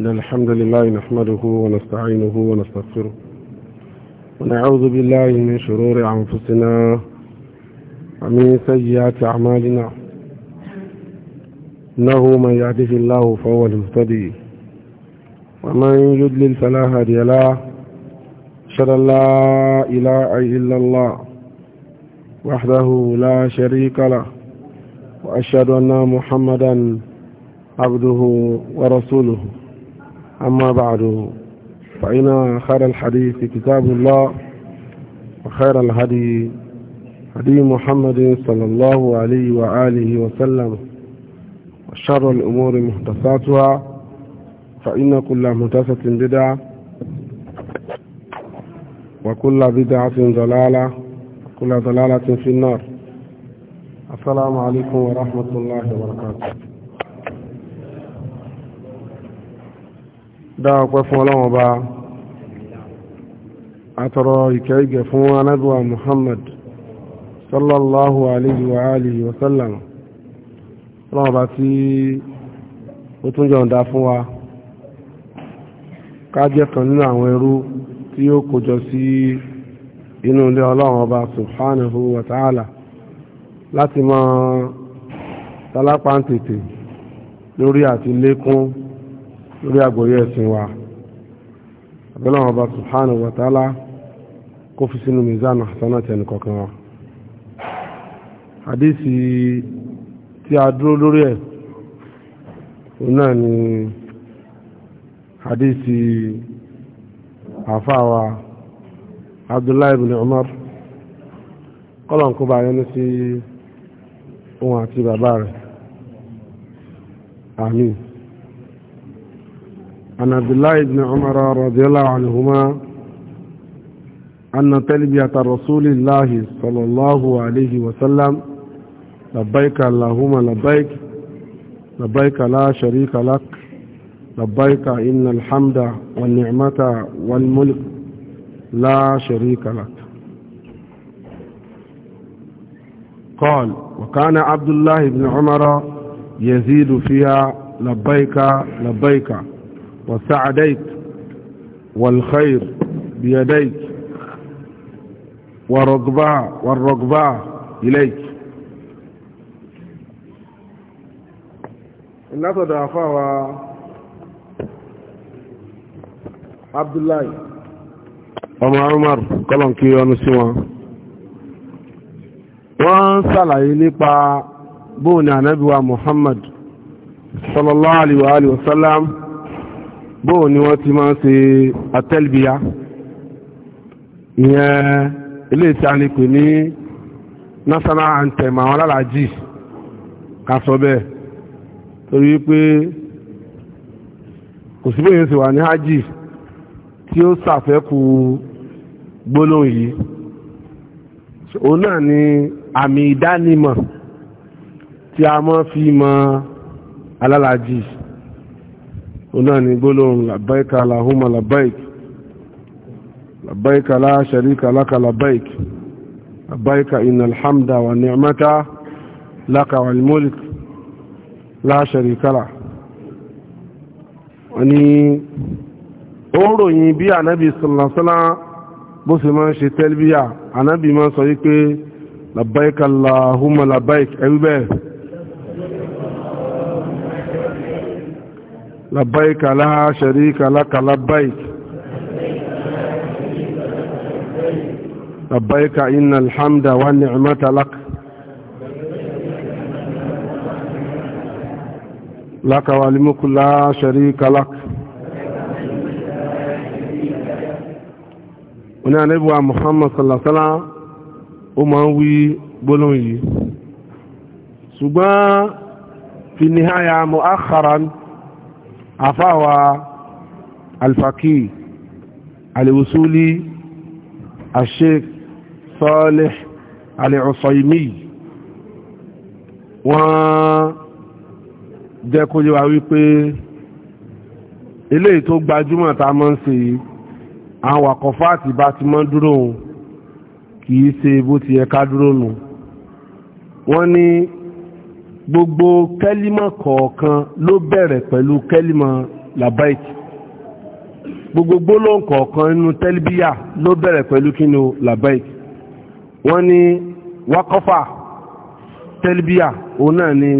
إن الحمد لله نحمده ونستعينه ونستغفره ونعوذ بالله من شرور أنفسنا ومن سيئات أعمالنا إنه من يهده الله فهو المهتدي ومن يدلل فلا هادي له أشهد أن لا إله إلا الله وحده لا شريك له وأشهد أن محمدا عبده ورسوله أما بعد فإن خير الحديث كتاب الله وخير الهدي هدي محمد صلى الله عليه وآله وسلم وشر الأمور محدثاتها فإن كل محدثة بدعة وكل بدعة ضلالة وكل ضلالة في النار السلام عليكم ورحمة الله وبركاته dáwọ́pẹ́ fún ọlọ́wọ́ bá àtọrọ ìkẹ́rígẹ̀ fún anábíwá muhammad sallallahu alayhi wa alihi wa sallam ọlọ́wọ́ bá tí ó tún jọ̀ǹda fún wa kájẹ́ kan nínú àwọn ẹrú tí ó kójọ sí inú ilé ọlọ́wọ́ bá subhanahu wa ta'ala láti máa tálápá tètè lórí àti lékún lórí àgbòrí ẹ̀sìn wa abẹ́lẹ́wọ̀n ọba subhanahu wa ta'ala kó fi sínú mizanu hasanati ẹnì kọ̀ọ̀kan wa hadisi tí a dúró lórí ẹ̀ òun náà ni hadisi àfáà wa abdullahi ibn umar kọ́lọ̀n kó bá yẹnu sí òun àti bàbá rẹ̀ àmín عن عبد الله بن عمر رضي الله عنهما أن تلبية رسول الله صلى الله عليه وسلم لبيك اللهم لبيك لبيك لا شريك لك لبيك إن الحمد والنعمة والملك لا شريك لك قال وكان عبد الله بن عمر يزيد فيها لبيك لبيك وسعديك والخير بيديك ورقبا والرقبا إليك إن أفضل أخوة عبد الله أم عمر قلن كي ونسيما وانسال إليك بونا نبي محمد صلى الله عليه وآله وسلم bóò ni wọ́n ti máa ń ṣe àtẹ́lbíyá ìyẹn ilé ìta ni pè ní national anthem àwọn alálàájì ká sọ bẹ́ẹ̀ torí pé kò sí bóyá sì wà ní hajj tí ó ṣàfẹ́kù gbólóhùn yìí òun náà ni àmì ìdánimọ̀ tí a mọ́ fi mọ alálàájì náà ni لهم لبيك alahuma labbaik لبيك la sharika laka labbaik labbaik inna alhamda wa ni'mata laka wal mulk la sharika la wani ó ròyìn bí ànábì sallasala bó sì máa ń ṣe tẹ́lbíyà ànábì máa sọ wípé labbaik alahuma labbaik ẹgbẹ́ bẹ́ẹ̀ لبيك لا شريك لك لبيك لبيك إن الحمد والنعمة لك لك ولمك لا شريك لك هنا نبوى محمد صلى الله عليه وسلم أموي بلوني سبا في النهاية مؤخراً àfáwà alfaqi alìwòsúlì asheik Salih alìọ̀sọ̀ìmí wọ́n jẹ́ kó yíwa wípé eléyìí tó gbajúmọ̀ tá a mọ́ ń ṣe àwọn àkọ́fáàtì bá ti mọ́ dúró kìí ṣe bó ti yẹ ká dúró nù wọ́n ní gbogbo kẹ́límọ̀ kọ̀ọ̀kan ló bẹ̀rẹ̀ pẹ̀lú kẹ́límọ̀ labaik gbogbo gbólóhùn kọ̀ọ̀kan nínú tẹ́líbíyà ló bẹ̀rẹ̀ pẹ̀lú kínú labaik wọ́n ní wakọ́fà tẹ́líbíyà òun náà ni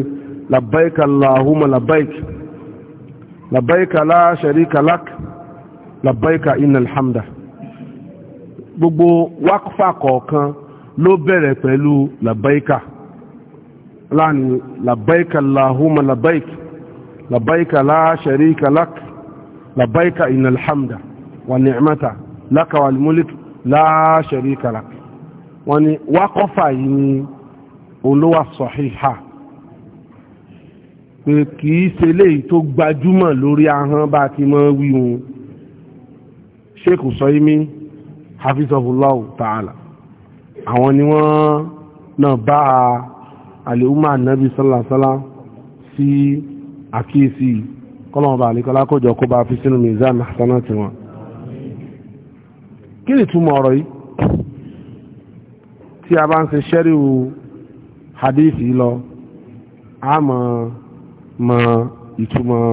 labaik allahumma labaik labaik la sharika lak labaik innal hamda gbogbo wakọ́fà kọ̀ọ̀kan ló bẹ̀rẹ̀ pẹ̀lú labaika láàrin labaika lahuma labaika labaika la sharika lak labaika innal hamda wa ni'mata laka wal mulk la sharika lak wọ́n ní wákọ́fà yìí ni olówà sọ̀híhà pé kìí ṣe léyìí tó gbajúmọ̀ lórí ahọ́n bá ti mọ́ sheikh sọ́yìmí hafizahullahu ta'ala àwọn ni wọ́n náà bá àlèhùmà nàbí sọ́làsọ́lá sí àkíyèsí kọ́lọ̀mọba àlékọ́lá kọjọ kó bá fi sínú mizan hasana ti wọn kí ni túmọ̀ ọ̀rọ̀ yìí tí a bá ń ṣe ṣẹ́ríwò hadith lọ a mọ̀ mọ̀ ìtumọ̀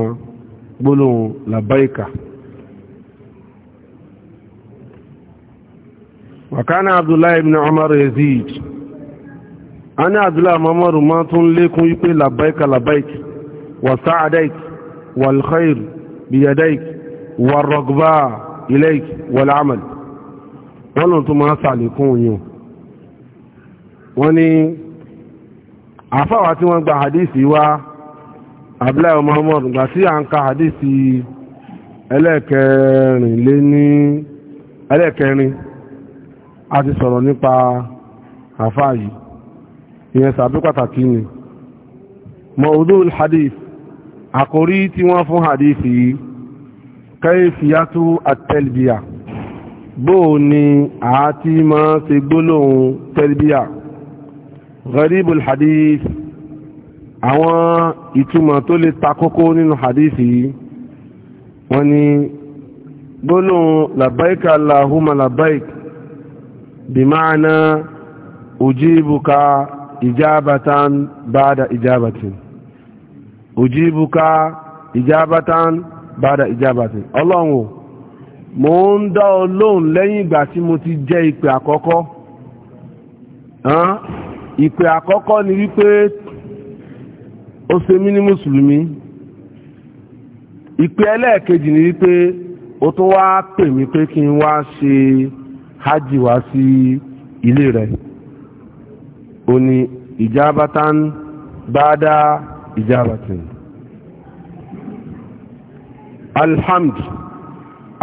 gbólóhùn labaika وكان عبد الله بن عمر يزيد a ní àdúlà mamaru ma tún lékún wípé labaika labaik wa sa'adaik wal khair biyadaik wa rogba ilaik wal amal wọ́n lọ́n tún máa sàlékún yìí wọ́n ni àfáwà tí wọ́n gba hadisi wá àbúláyọ̀ mamaru gbà sí à ń ka hadisi ẹlẹ́ẹ̀kẹrin lé ní ẹlẹ́ẹ̀kẹrin a ti sọ̀rọ̀ nípa àfáà yìí ìyẹn sàbí pàtàkì ni mawdul hadith àkórí tí wọ́n fún hadith yìí kayfiyatu at-talbiya bóò ni a ti máa ṣe gbólóhùn talbiya gharibul hadith àwọn ìtumọ̀ tó lè takókó nínú hadith yìí wọ́n ni gbólóhùn labbaika allahumma labbaik bí máa na ujibuka ijabatan bada ijabatin ojibuka ijabatan bada ijabatin ọlọ́run o mo ń dá ọ lóhùn lẹ́yìn ìgbà tí mo ti jẹ́ ìpè àkọ́kọ́ ìpè àkọ́kọ́ ni wípé ó ṣe mí ní mùsùlùmí ìpè ẹlẹ́ẹ̀kejì ni wípé ó tún wá pè mí pé kí n wá ṣe hajj wá sí ilé rẹ̀ ó ní ìjábátán bada ìjábátán alhamd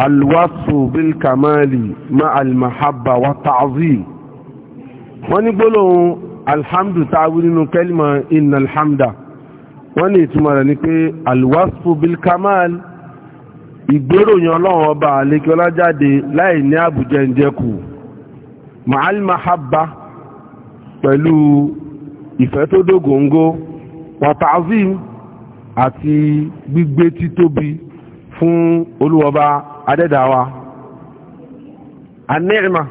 alwasu bilkamali ma almahabba wa ta'zim wọ́n ní gbólóhùn alhamdu ta'wí nínú kẹlìmọ̀ inna alhamda wọ́n ní ìtumọ̀ rẹ̀ ní pé alwasu bilkamali ìgbéròyìn ọlọ́run ọba àlékí ọlájáde láì ní àbùjẹ ìjẹkù ma'al pẹ̀lú ìfẹ́ tó dógóńgó wàtàzim àti gbígbé títóbi fún olúwọba adẹ́dàwa anẹ́rìmà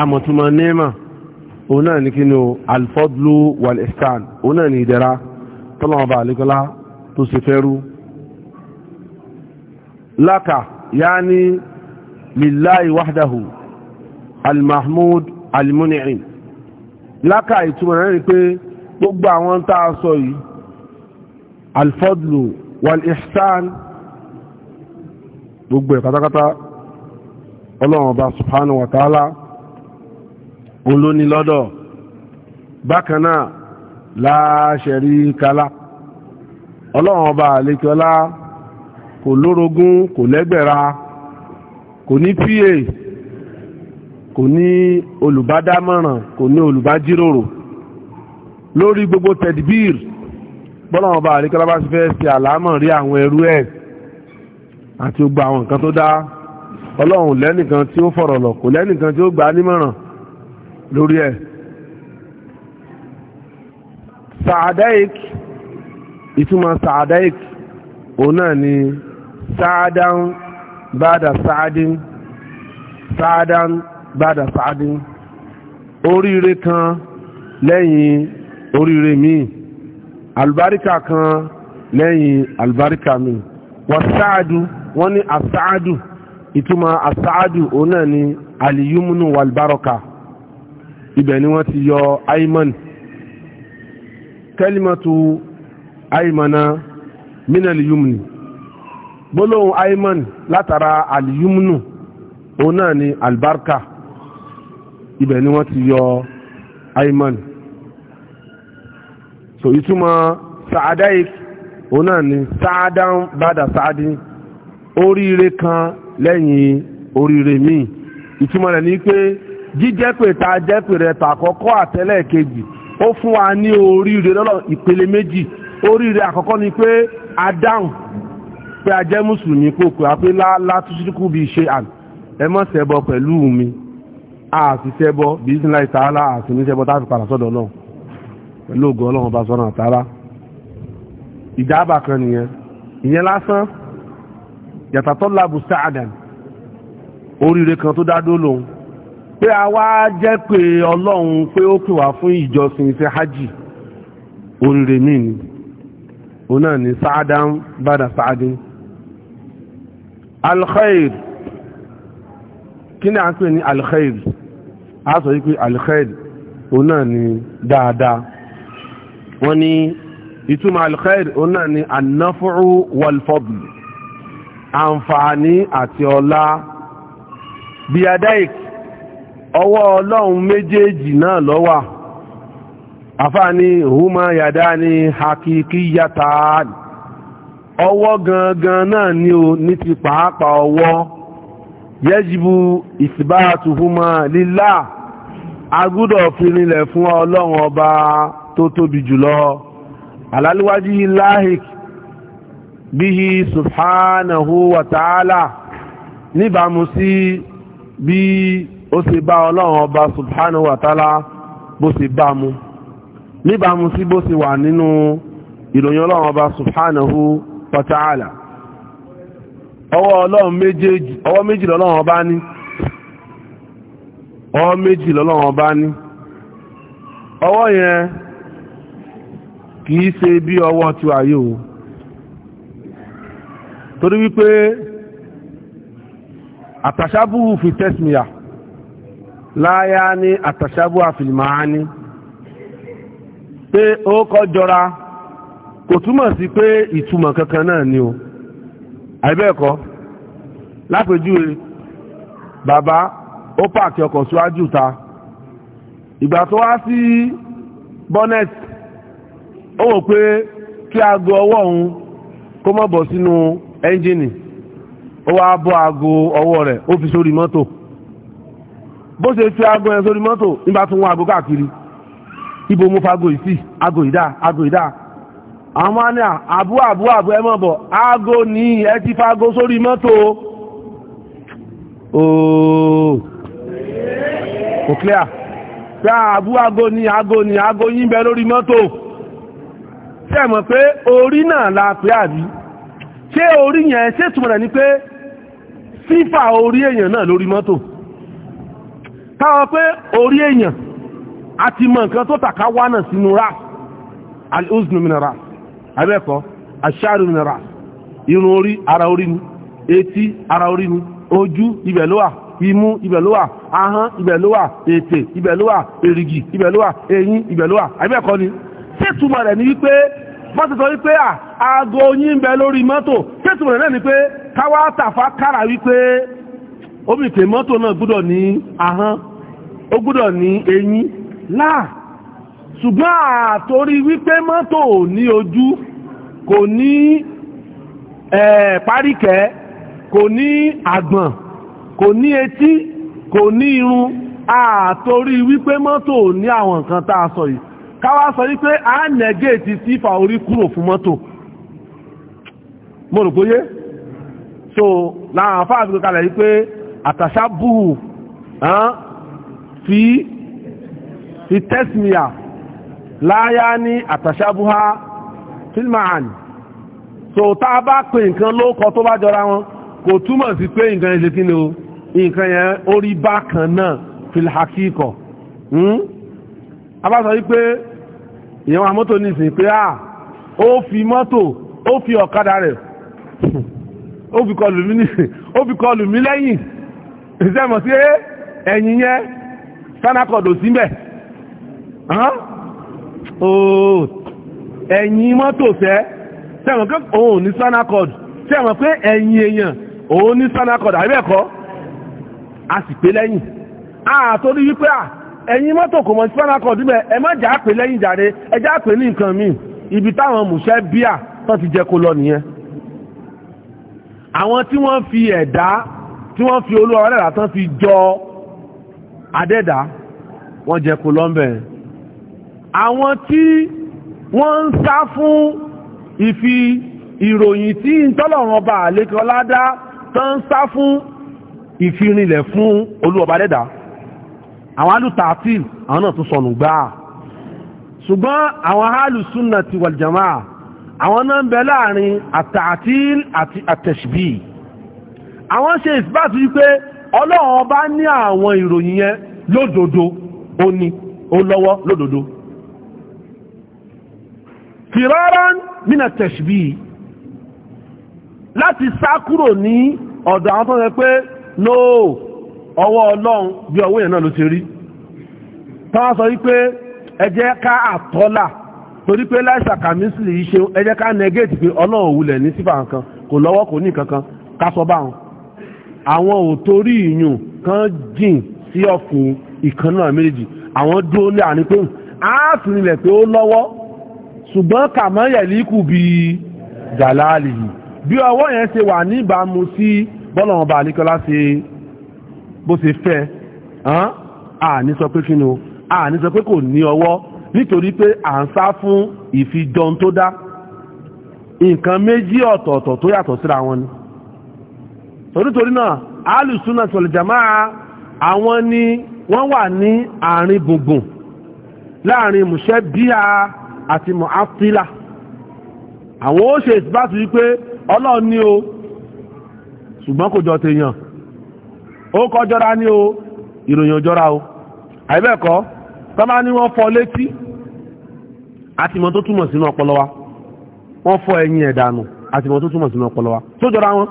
amọ̀túnmọ̀ nẹ́ẹ̀mà òun náà ní kí ni alfọ́dúlù wàlẹ́sàn òun náà ní ìdẹ̀ra tọ́lọ́mọba àlekọ́lá tó ṣe fẹ́rú láka yáni lillahi wahdahu almahmud almuni'im lákà ìtumọ̀ rẹ̀ ni pé gbogbo àwọn tá a sọ yìí alfadlu wal gbogbo ẹ̀ pátápátá ọlọ́run ọba subhanahu wa ta'ala òun ló ní la sharika la ọlọ́run ọba àlekọ́lá kò lórogún kò lẹ́gbẹ̀ra kò ní pa kò ní olùbádámọ̀ràn kò ní olùbájíròrò lórí gbogbo tedbir bọ́lọ̀wọ́n bá àríkọ́lá bá ti fẹ́ ṣe àlámọ̀ rí àwọn ẹrú ẹ̀ àti gbogbo àwọn nǹkan tó dá ọlọ́run lẹ́nìkan tí ó fọ̀rọ̀ lọ kò lẹ́nìkan tí ó gbà nímọ̀ràn lórí ẹ̀ sàádáìk ìtumọ̀ sàádáìk òun náà ni sàádán sàádín sàádán bàdà sáàdì oríire kan lẹ́yìn oríire míì àlùbáríkà kan lẹ́yìn àlùbáríkà míì wàsáàdù wọ́n ní àsáàdù ìtumọ̀ àsáàdù òun náà ni àlìyúmúnú wàlbárọ̀kà ibẹ̀ ni wọ́n ti yọ aiman kẹ́límọ̀tù aimana mínàlìyúmúnì gbólóhùn aiman látara àlìyúmúnù òun náà ni àlùbáríkà ibẹ̀ ni wọ́n ti yọ aiman so ìtumọ̀ sa'adaik òun náà ni sa'adan bada sa'adi oríire kan lẹ́yìn oríire míì ìtumọ̀ rẹ̀ ni pé jíjẹ́ pé ta jẹ́ pé rẹ̀ ta àkọ́kọ́ àtẹ́lẹ̀ kejì ó fún wa ní oríire lọ́lọ́ ìpele méjì oríire àkọ́kọ́ ni pé adáhùn pé a jẹ́ mùsùlùmí kò pé a pé látúnṣíkú bí ṣe ẹ má ṣẹbọ pẹ̀lú mi àṣìṣẹ́bọ́ bí ìsìnlá ìtààlá àṣìníṣẹ́bọ́ tàbí padà sọ́dọ̀ náà pẹ̀lú ògùn ọlọ́run bá sọ́nà àtàrà ìjábà kan nìyẹn ìyẹn lásán yàtàtọ́ lábù sáàdàn oríire kan tó dádó lòun pé a wá jẹ́ pé ọlọ́run pé ó pè wá fún ìjọsìn iṣẹ́ hajj oríire míì ni òun náà ni sáàdán bàdà sáàdín alkhair kí ni a ń pè ní alkhair a sọ wípé alkhair òun náà ni dáadáa wọ́n ní ìtumọ̀ alkhair òun náà ni annafu'u walfadl àǹfààní àti ọlá bíadáìk ọwọ́ ọlọ́run méjèèjì náà lọ́wà àfáàní huma yàdá ni hakikiyata ọwọ́ gangan náà ni o ní ti pàápàá ọwọ́ yẹ́jìbú ìsìbáàtùhúmọ́ lílá agúdọ̀ fìrìnlẹ̀ fún ọlọ́run ọba tó tóbi jùlọ alálúwájí láhìk bíhi subhanahu wa ta'ala níbàmú sí bí ó sì bá ọlọ́run ọba subhanahu wa ta'ala bó sì bá mu níbàmú sí bó sì wà nínú ìròyìn ọlọ́run ọba subhanahu wa ọwọ́ ọlọ́run méjèèjì ọwọ́ méjì lọ́lọ́run ọba ní ọwọ́ méjì lọ́lọ́run ọba ní ọwọ́ yẹn kìí ṣe bí ọwọ́ ti wà yóò torí wípé àtàṣábù fi tẹ́sìmìyà láyá ní àtàṣábù àfìlìmáà ní pé ó kọ́ jọra kò túmọ̀ sí pé ìtumọ̀ kankan náà ni o. àìbẹ́ẹ̀kọ́ lápèjúwe bàbá ó pààkì ọkọ̀ síwájú ta ìgbà tó wá sí bonnet ó wò pé kí aago ọwọ́ òun kó mọ́ bọ̀ sínú ẹ́ńjìnì ó wá bọ́ aago ọwọ́ rẹ̀ ó fi sórí mọ́tò bó ṣe fi aago yẹn sórí mọ́tò nígbà tó ń wọ aago káàkiri ibo mo fa aago yìí sí aago yìí dá aago yìí àwọn ní àbú àbú àbú ẹmọ́bọ̀ aago ní ẹ ti sórí mọ́tò ooo clear pé àbú aago ní aago ní aago yí bẹ lórí mọ́tò tí ẹ mọ̀ pé orí náà la pé àbí orí yẹn túnmọ̀ rẹ̀ ni pé orí náà lórí mọ́tò táwọn pé orí àti mọ̀ nǹkan tó tàkà wánà sínú ra al-uznu abẹ́ẹ̀kọ́ aṣáàrù ní irun orí ara orí ni etí ara orí ni ojú ibẹ̀ imú ibẹ̀ ló wà ètè ibẹ̀ èrìgì ibẹ̀ eyín ibẹ̀ ló ni ṣé túmọ̀ rẹ̀ ni wípé bọ́n ti sọ wípé aago yín ń bẹ lórí mọ́tò ṣé náà ni pé káwá wípé omi ìpè ṣùgbọ́n àtorí wípé mọ́tò ní ojú kò ní páríkẹ́ kò ní àgbọ̀n kò ní etí kò ní irun àtorí wípé mọ́tò ní àwọn nǹkan tá a sọ yìí káwá sọ wípé a nẹ́gẹ̀ẹ́tì sí ìfà orí kúrò fún mọ́tò mo so láwọn àfáà fi kalẹ̀ wípé àtàṣà búhù fi tẹ́sìmíà láyá atashabuha àtàṣàbúhá tilmahan so tá a bá pè nǹkan lóòkọ tó bá jọra wọn kò túmọ̀ sí pé nǹkan ẹ̀ṣẹ̀ kí ni o nǹkan yẹn ó rí bákan náà filhakíkọ̀ hmm? a bá sọ wípé ìyẹn wa mọ́tò nìsín pé à ah, ó fi mọ́tò ó fi ọ̀kadà rẹ̀ ó fi kọlù mí nìsín ó fi kọlù mí lẹ́yìn ìṣẹ́mọ̀ sí eh, ẹ̀yìn yẹn sanakọ̀dọ̀ síbẹ̀ ooo ẹ̀yìn mọ́tò fẹ́ tẹ́wọ̀n pé òun ní spinal cord tẹ́wọ̀n pé ẹ̀yìn èèyàn òun ní spinal cord àríbẹ̀kọ́ a sì pé lẹ́yìn àtorí wípé à ẹ̀yìn mọ́tò kò mọ̀ spinal cord bẹ́ ẹ má jà pé lẹ́yìn jàre ẹ já pé ní nǹkan míì ibi táwọn mùṣẹ́ bíà tán ti jẹ kó lọ nìyẹn àwọn tí wọ́n fi ẹ̀dá tí wọ́n fi olú ọ̀rẹ́dà tán fi jọ adẹ́dà wọ́n jẹ kó lọ́mbẹ̀ẹ́ àwọn tí wọ́n ń sá fún ìfi ìròyìn tí ń tọ́lọ̀run ọba àlékọládá tán ń sá fún ìfirinlẹ̀ fún olúọba dẹ́dà àwọn alùtàtì àwọn náà tún sọnù gbáà ṣùgbọ́n àwọn alùsúnnà ti wàljàmá àwọn náà ń bẹ láàrin àtàtì àti àtẹ̀ṣbí àwọn ṣe ìsìbáàtì wípé ọlọ́run ọba ní àwọn ìròyìn yẹn lódodo ó ní ó lọ́wọ́ lódodo fìrọ́rán mina tẹ̀ṣbí láti sá kúrò ní ọ̀dọ̀ àwọn tó rẹ pé no ọwọ́ ọlọ́run bí ọwọ́ èèyàn náà ló ti rí tán sọ wípé ẹ jẹ́ ká àtọ́là torí pé láìsàkàmísìlì yìí ṣe ẹ jẹ́ ká negate pé ọlọ́run òwúlẹ̀ ní sífà nǹkan kò lọ́wọ́ kò ní kankan ká sọ bá wọn àwọn ò torí ìyùn kan jìn sí ọ̀fìn ìkan méjì àwọn dúró láàrin pé ààfin ilẹ̀ pé ó lọ́wọ́ ṣùgbọ́n kàmọ́ yẹ̀líkù bí jàláàlì yìí bí ọwọ́ yẹn ṣe wà níbàámu sí bọ́lọ̀wọ̀n bá àníkọlá ṣe bó ṣe fẹ́ àní sọ pé kí ni o àní sọ pé kò ní ọwọ́ nítorí pé à ń sá fún ìfijọ́n tó dá nǹkan méjì ọ̀tọ̀ọ̀tọ̀ tó yàtọ̀ síra wọn ni torítorí náà alùsùnà sọ̀lẹ̀ jàmáà àwọn ni wọ́n wà ní àárín gbùngbùn láàrin mùṣẹ́ bíi àti mu'attila àwọn ó ṣe ìsìbáṣì wípé ọlọ́run ní o ṣùgbọ́n kò jọ tèèyàn ó kọjọ́ra ní o ìròyìn òjọ́ra o àìbẹ́ẹ̀kọ́ tọ́mà ní wọ́n fọ́ létí àti mọ̀ tó túmọ̀ sínú ọpọlọ wa wọ́n fọ́ ẹ̀yìn ẹ̀dànù àti mọ̀ tó túmọ̀ sínú ọpọlọ wa tó jọra wọn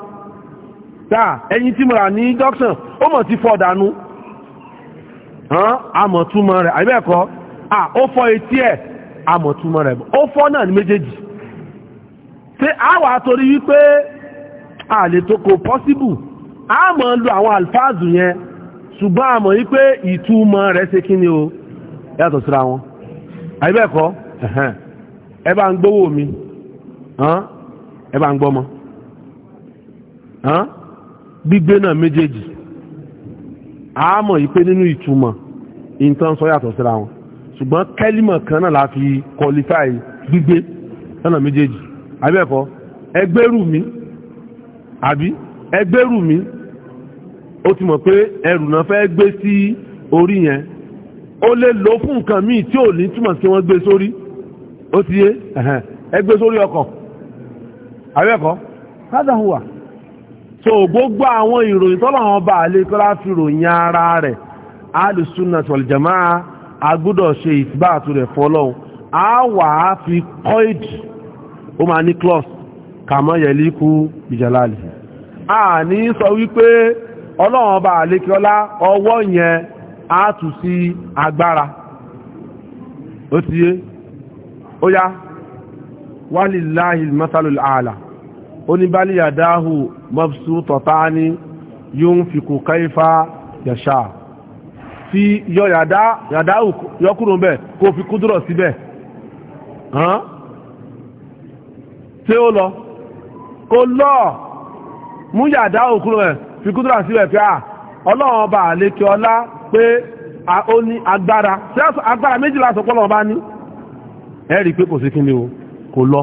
táà ẹ̀yìn tí mo rà ní dọ́kṣàn ó mọ̀ ti fọ́ dànù àmọ̀ túmọ̀ rẹ̀ àìbẹ́ẹ̀kọ́ ó fọ́ etí ẹ̀ amọ̀túnmọ̀ rẹ̀ ó fọ́ náà ní méjèèjì tí a wà torí wípé a lè tó kò pọ́síbù a mọ̀ ń lo àwọn alfáàzù yẹn ṣùgbọ́n a mọ̀ wípé ìtumọ̀ rẹ̀ ṣe kí ni o yàtọ̀ síra wọn àìbẹ́ẹ̀kọ́ ẹ bá ń gbówó mi ẹ bá ń gbọ́mọ gbígbé náà méjèèjì a mọ̀ wípé nínú ìtumọ̀ ìntàn sọ yàtọ̀ síra wọn ṣùgbọ́n kẹ́límọ̀ kan náà la fi kọlifáì gbígbé lọ́nà méjèèjì abẹ́ẹ̀kọ́ ẹgbẹ́rù mi àbí ẹgbẹ́rù mi ó ti mọ̀ pé ẹrù náà fẹ́ gbé sí orí yẹn ó lè lò fún nǹkan míì tí ò ní túmọ̀ sí wọ́n gbé sórí ó ti yé ẹgbẹ́ sórí ọkọ̀ so gbogbo àwọn ìròyìn àwọn fi ròyìn ara rẹ̀ a gbọ́dọ̀ ṣe ìsìbáàtú rẹ̀ fọlọ́hun a wà á fi coid ó máa ní clause kàmọ́ yẹ̀líkú ìjàlálì a ní sọ wípé ọlọ́run ọba àlékiọlá ọwọ́ yẹn á tù sí agbára ó ti yé ó yá wálìláhì masalul ààlà fi yọ yàdá yàdá yọkúrò bẹ́ẹ̀ kó fi kúdúrọ̀ síbẹ̀ hàn tí ó lọ kó lọ mú yàdá òkúrò rẹ̀ fi kúdúrọ̀ síbẹ̀ pé à ọlọ́run ọba àlékẹ́ ọlá pé ó ní agbára agbára méjìlá sọpọ́lọ̀ ọba ní ẹ̀rí pé kò sí kí ni o kò lọ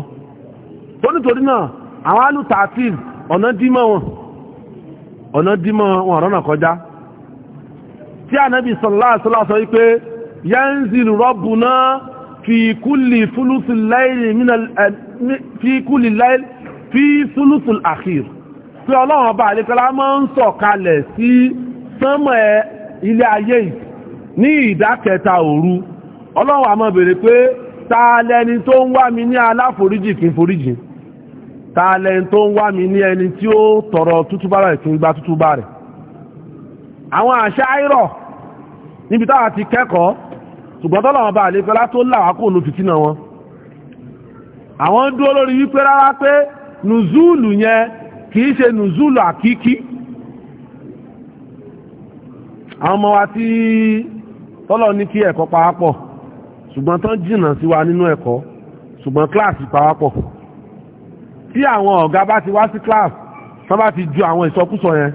tó nítorí náà àwọn alùtàtìl ọ̀nà dímọ̀ wọn ọ̀nà dímọ̀ wọn ọ̀rọ̀nà kọjá tí ànábì sallallahu alaihi wasallam sọ wípé yanzil rabbuna fi kulli thuluthil layli min al fi kulli layli fi thuluthil akhir pé ọlọ́run ọba àlékọ́lá máa ń sọ̀ kalẹ̀ sí sánmọ̀ ẹ ilé ayé ní ìdákẹta òru ọlọ́run àmọ́ bèèrè pé ta lẹni tó ń wá mi ní aláforíjì kí foríjì ta tó ń wá mi ní ẹni tí ó tọrọ tútúbá rẹ̀ kí n gba àwọn àṣà àìrọ̀ níbi táwa ti kẹ́kọ̀ọ́ ṣùgbọ́n tọ́lọ̀wọ́n bá lè fẹ́lá tó làwá kò ní fìtínà wọn àwọn ń dúró lórí wípé rárá pé nùzúùlù yẹn kìí ṣe nùzúùlù àkíkí àwọn ọmọ wa tí tọ́lọ̀ ní kí ẹ̀kọ́ pawápọ̀ ṣùgbọ́n tán jìnnà sí wa nínú ẹ̀kọ́ ṣùgbọ́n kíláàsì pawápọ̀ tí àwọn ọ̀gá bá ti wá sí kíláàsì tán bá ti ju àwọn ìsọkúsọ yẹn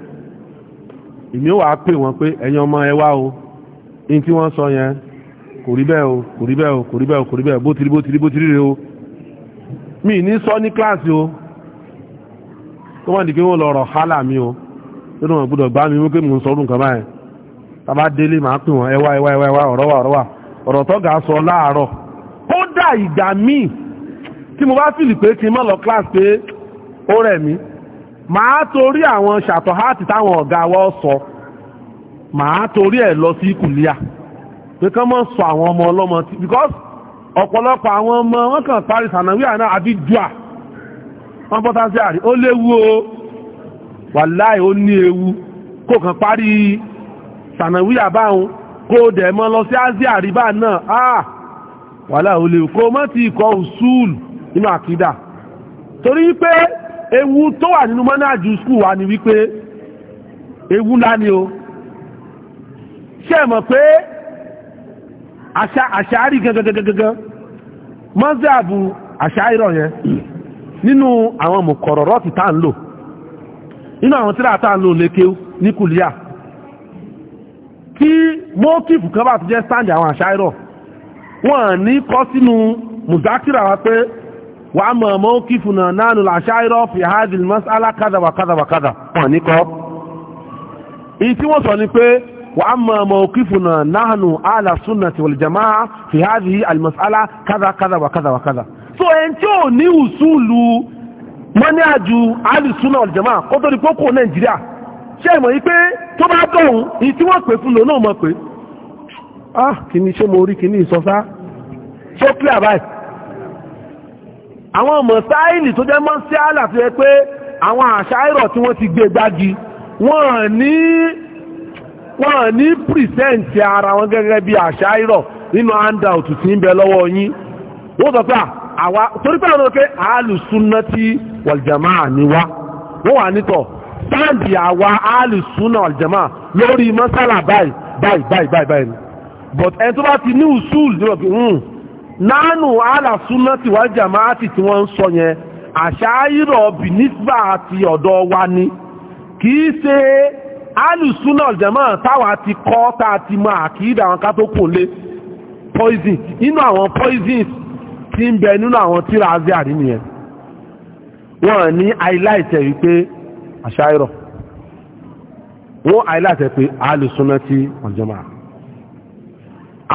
èmi ó wà pè wọ́n pé ẹ̀yin ọmọ ẹ wá o in tí wọ́n sọ yẹn kò rí bẹ́ẹ̀ o kò rí bẹ́ẹ̀ o kò rí bẹ́ẹ̀ o kò rí bẹ́ẹ̀ o bó ti rí bó o mi ní sọ ní kíláàsì o tó wọ́n di pé wọ́n lọ rọ̀ hálà mi o tó dùn wọ́n gbọ́dọ̀ gbá mi wípé mò ń sọdún kan báyẹn tábà délé màá pè wọ́n ẹ wá ẹ wá ẹ wá ọ̀rọ̀ wà ọ̀rọ̀ wà ọ̀rọ̀ tó ga sọ láàárọ̀ kódà ìgbà míì tí mo bá fìlì pé kí n lọ kíláàsì pé ó rẹ̀ mí màá torí àwọn ṣàtọ̀hátì táwọn ọ̀gá wọ́n sọ màá torí ẹ̀ lọ sí kùlíà pé kán mọ́ sọ àwọn ọmọ ọlọ́mọ tí because ọ̀pọ̀lọpọ̀ àwọn ọmọ wọn kàn parí sànàwíà náà àbí jùà wọ́n bọ́ta sí àrí ó léwu o wàláì ó ní ewu kó kàn parí sànàwíà báhun kó dẹ̀ mọ́ lọ sí ází àríbá náà ah wàláì ó léwu kó mọ́ ti ikọ̀ usul nínú àkídà torí pé ewu tó wà nínú mọ́nájú skul wa ni wípé ewu ńlá ni o ṣe mọ̀ pé àṣàárì gangan mọ́sáàbù àṣàírọ̀ yẹn nínú àwọn mọ̀kọ̀rọ̀rọ̀ ti tá ń lò nínú àwọn tíra tá ń lò lékeu ní kùlíà tí mọ́tífù kan bá ti jẹ́ sáàndì àwọn àṣàírọ̀ wọ́n ní kọ́ sínú وعما موقفنا نحن العشائر في هذه المسألة كذا وكذا وكذا ونكو إيتي وصلني في وعما موقفنا نحن على السنة والجماعة في هذه المسألة كذا كذا وكذا وكذا so ẹn tí ò ní ìsúlù mọ́níàjù alìsúnà ọ̀lùjẹ̀má kó tó di pópó nàìjíríà ṣe ìmọ̀ yí pé tó bá tóhun èyí tí wọ́n pè fún lò náà mọ̀ pé ah kìíní ṣé mo rí kìíní ìsọsá ṣó àwọn mọ̀sáìlì tó jẹ́ mọ́síálà tó yẹ pé àwọn àṣàírọ̀ tí wọ́n ti gbé gbági wọ́n ní wọ́n ní pìrìsẹ́ǹtì ara wọn gẹ́gẹ́ bí àṣàírọ̀ nínú handout tí ń bẹ lọ́wọ́ yín wọ́n sọ pé àwa torí pé àwọn ọ̀kẹ́ àálùsúnná tí wàljàmá ní wá wọ́n wà nítọ̀ sáàdì àwa àálùsúnná wàljàmá lórí mọ́sálà báyìí báyìí báyìí báyìí but ẹni tó bá ti nánú àlàsúná tìwá jàmáàtì tí wọ́n ń sọ yẹn àṣàyírọ̀ bìnísbà àti ọ̀dọ̀ wa ni kì í ṣe alùsúnà jẹ̀mọ́ táwa ti kọ́ tá a ti mọ àkídà àwọn kátókò lé poison nínú àwọn poisons tí ń bẹ nínú àwọn tíra azíà rí nìyẹn wọ́n ní àìláìtẹ̀ wípé àṣàyírọ̀ wọ́n àìláìtẹ̀ pé alùsúnà ti ọ̀jọ̀mọ́ àwọn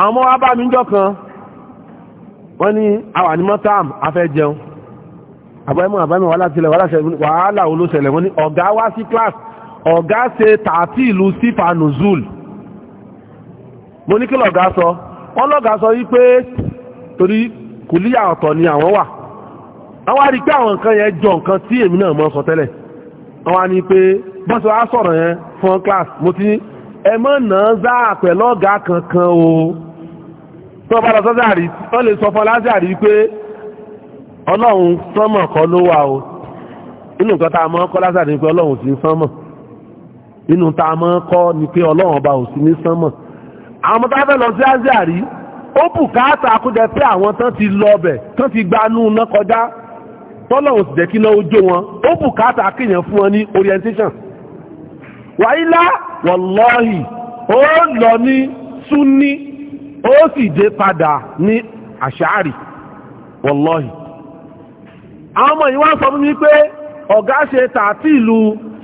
ọmọ wa bá mi jọ kan wọ́n ní àwà ní mọ́tàm afẹ́ jẹun àbáyẹ̀mọ́ àbáyẹ̀mọ́ wàhálà tilẹ̀ wàhálà olóṣẹlẹ̀ wọ́n ní ọ̀gá wá sí class ọ̀gá ṣe tààtì ìlú sífà nùzúl mo ní kí lọ̀gá sọ wọ́n lọ̀gá sọ wípé torí kùlíyà ọ̀tọ̀ ni àwọn wà àwọn àrí pé àwọn nǹkan yẹn jọ nǹkan tí èmi náà mọ́ sọ tẹ́lẹ̀ àwọn àní pé bọ́n class mo ti ẹ mọ́ tó bá lọ sọ́sàárì tó lè sọ fọ́ lásàárì wípé ọlọ́run sánmọ̀ kọ́ ló wà o inú nǹkan tá a mọ́ kọ́ lásàárì wípé ọlọ́run sí sánmọ̀ inú tá a mọ́ kọ́ ni pé ọlọ́run ọba ò sí ní sánmọ̀ àwọn ọmọ tá a fẹ́ lọ sí lásàárì ó bùkátà akúdẹ pé àwọn tán ti lọ ọbẹ̀ tán ti gbanú ná kọjá tọ́lọ́run sì jẹ́ kí náà ó wọn ó bùkátà kéèyàn fún wọn ní orientation wàyílá wọ̀lọ́ọ̀hì ó lọ ní súnní ó sì dé padà ní àṣàárì wọlọ́hì àwọn ọmọ sọ pé ọ̀gá ṣe tààtì ìlú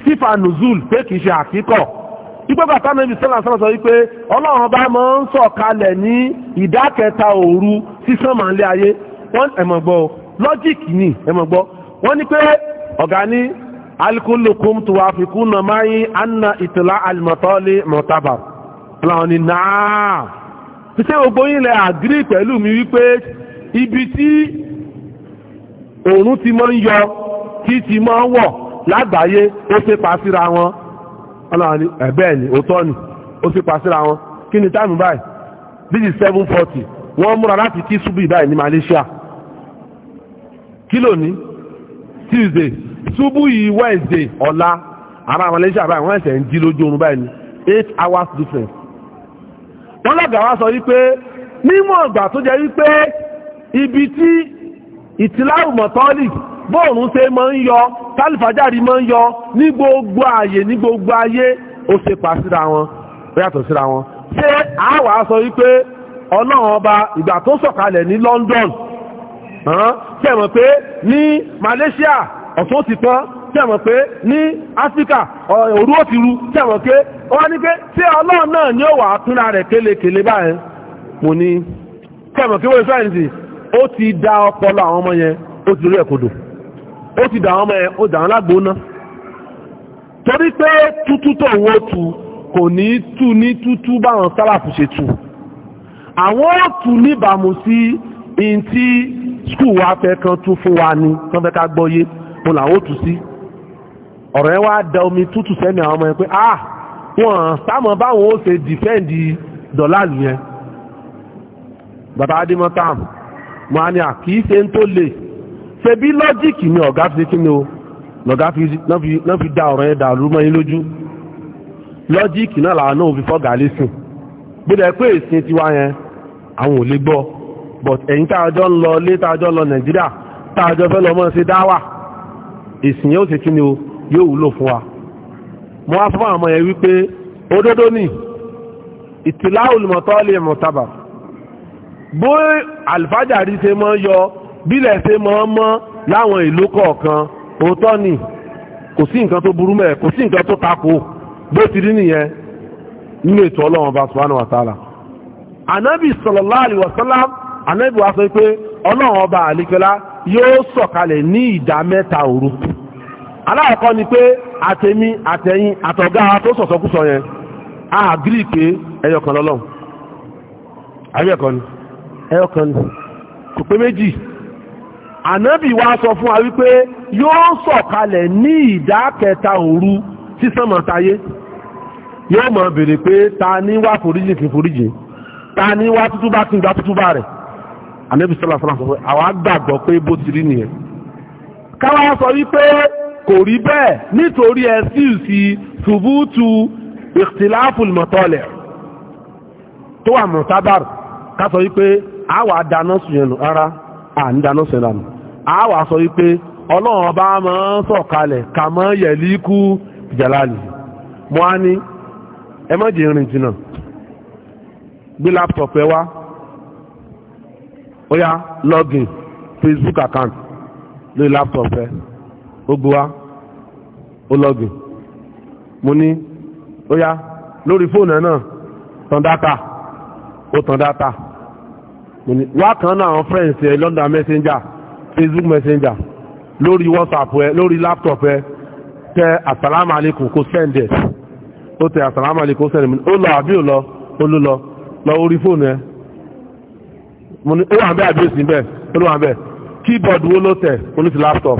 sífà nùzúl pé kìí ṣe àkíkọ̀ ipé bàtà na ibi sọ́là sọ wípé ọlọ́run bá máa ń sọ̀ kalẹ̀ ní ìdá òru sísán máa lé ayé wọ́n ẹ̀mọ̀ gbọ́ lọ́jíìkì ni ẹ̀mọ̀ gbọ́ wọ́n ní pé ọ̀gá ní alikulukum anna ìtìlá alimọ̀tọ́lé mọ̀tábà ṣé gbogbo yín lẹ àgírí pẹ̀lú mi wípé ibi tí òòrùn ti máa ń yọ kí ti máa ń wọ̀ lágbàáyé ó ṣe pa síra wọn ọlọ́run ni ẹ̀bẹ́ẹ̀ ni òótọ́ ni ó ṣe pa síra wọn kí ni táìmù báyìí this is seven forty wọ́n múra láti kí Subi báyìí ní Malaysia kí ló ní Tuesday ṣubú yìí Wednesday ọ̀la ara Malaysia báyìí wọ́n ẹ̀sẹ̀ ń jí lójú oorun báyìí ni eight hours difference wọ́n lọ́gà wá sọ wípé mímọ̀ ọ̀gbà tó jẹ́ wípé ibi tí ìtìláwùmọ̀tọ́lì bóòrùn ṣe máa ń yọ tálífàjárí máa ń yọ ní gbogbo ààyè ní gbogbo ayé ó ṣe pa síra wọn ó yàtọ̀ síra wọn ṣé àwa sọ wípé ọlọ́run ọba ìgbà tó sọ̀kalẹ̀ ní London ṣe mọ̀ pé ní Malaysia ọ̀tún ti tán tí a pé ní áfíríkà òru ó ti ru tí pé ó ní pé tí ọlọ́run náà ni ó wà á túnra rẹ̀ kélekèle báyẹn mo ní tí a mọ̀ pé wọ́n fẹ́ràn sí ó ti da ọpọlọ àwọn ọmọ yẹn ó ti rí ẹ̀kọ́dọ̀ ó ti da àwọn ọmọ yẹn ó dà wọn lágbóná torí pé tútú tó ń wọ́n tu kò ní tú ní tútú báwọn sálàfù ṣe tu àwọn ó tu níbàámu sí in tí skul wa fẹ́ kan tú fún wa ni tán fẹ́ ká gbọ́yé òun làwọn ó tu sí. Si ọ̀rọ̀ ẹ wá da omi tútù sẹ́ni àwọn ọmọ yẹn pé ah wọ́n sámọ̀ báwọn ó ṣe dìfẹ́ǹdì dọ̀láàlù yẹn bàbá adémọ́tàm mo á ní à ah, kì í ṣe ń tó lè ṣe bí lọ́jíìkì ni ọ̀gá fi kí ni o lọ́gá náà fi da ọ̀rọ̀ yẹn dàrú mọ́ yín lójú lọ́jíìkì náà làwọn náà fi fọ́gà lẹ́sìn gbọ́dọ̀ pé èsìn tiwa yẹn àwọn ò lè gbọ́ but ẹ̀yin táàjọ́ ń lọ lé táàjọ́ ń lọ nàìjíríà táàjọ́ fẹ́ lọ́mọ́ sí dáwà èsìn yẹn ṣe kí ni o yóò wúlò fún wa mo wá fún àwọn ọmọ yẹn wípé òdodo ni ìtìlá olùmọ̀tọ́ lè mọ̀ tábà bó àlùfájàrí ṣe mọ́ yọ bílẹ̀ ṣe mọ́ mọ́ láwọn ìlú kọ̀ọ̀kan òótọ́ ni kò sí nǹkan tó burú mẹ́ẹ̀ kò sí nǹkan tó takò bó ti rí nìyẹn nínú ètò ọlọ́run ọba subhanahu wa ta'ala anabi sallallahu alaihi wasallam anabi wa sọ pé ọlọ́run ọba àlìkẹ́lá yóò sọ̀kalẹ̀ ní ìdá mẹ́ta òru aláàkọ́ ni pé àtẹ̀mí àtẹ̀yìn àtọ̀gá tó sọ̀sọ̀kúsọ yẹn a àgírí pé ẹyọkan lọ́lọ́run ayẹ́kọ́ ni ẹyọkan ni kò pé méjì ànábì wa sọ fún wa wípé yóò sọ̀kalẹ̀ ní ìdá kẹta òru tí sánmọ̀tayé yóò mọ̀ bèèrè pé ta ní wá foríjì kí foríjì ta ní wá tútúbá kí n tútúbá rẹ̀ ànábì sọ́lá sọ́lá sọ pé àwa pé bó ti rí nìyẹn káwá sọ wípé kò rí bẹ́ẹ̀ nítorí ẹ̀sìsì ṣubútu ìtìláfùl mọ̀tọ́lẹ̀ tó wà mọ̀tábàr ká sọ wípé a wà dáná sùn ara à ń dáná sùn yẹn nù a wà sọ wípé ọlọ́run ọba máa ń sọ̀kalẹ̀ kà mọ́ yẹ̀líkú jàlálì mo á ní ẹ má jẹ́ ìrìn gbé láptọ̀pù ẹ wá ó yá login facebook account lórí láptọ̀pù ẹ ogun wa ó lọ́gìn mo ní ó yá lórí fóònù ẹ̀ náà tàn dátà ó tàn dátà mo ní wá kan náà àwọn friends ẹ London messenger Facebook messenger lórí WhatsApp ẹ lórí laptop ẹ tẹ asalaamu kò send ẹ ó tẹ asalaamu send ẹ ó lọ àbí ò lọ ó ló lọ lọ orí fóònù ẹ mo ní ó wà ń bẹ àbí òsì ń bẹ ó ló wà ń bẹ keyboard wo ló tẹ ó ní ti laptop.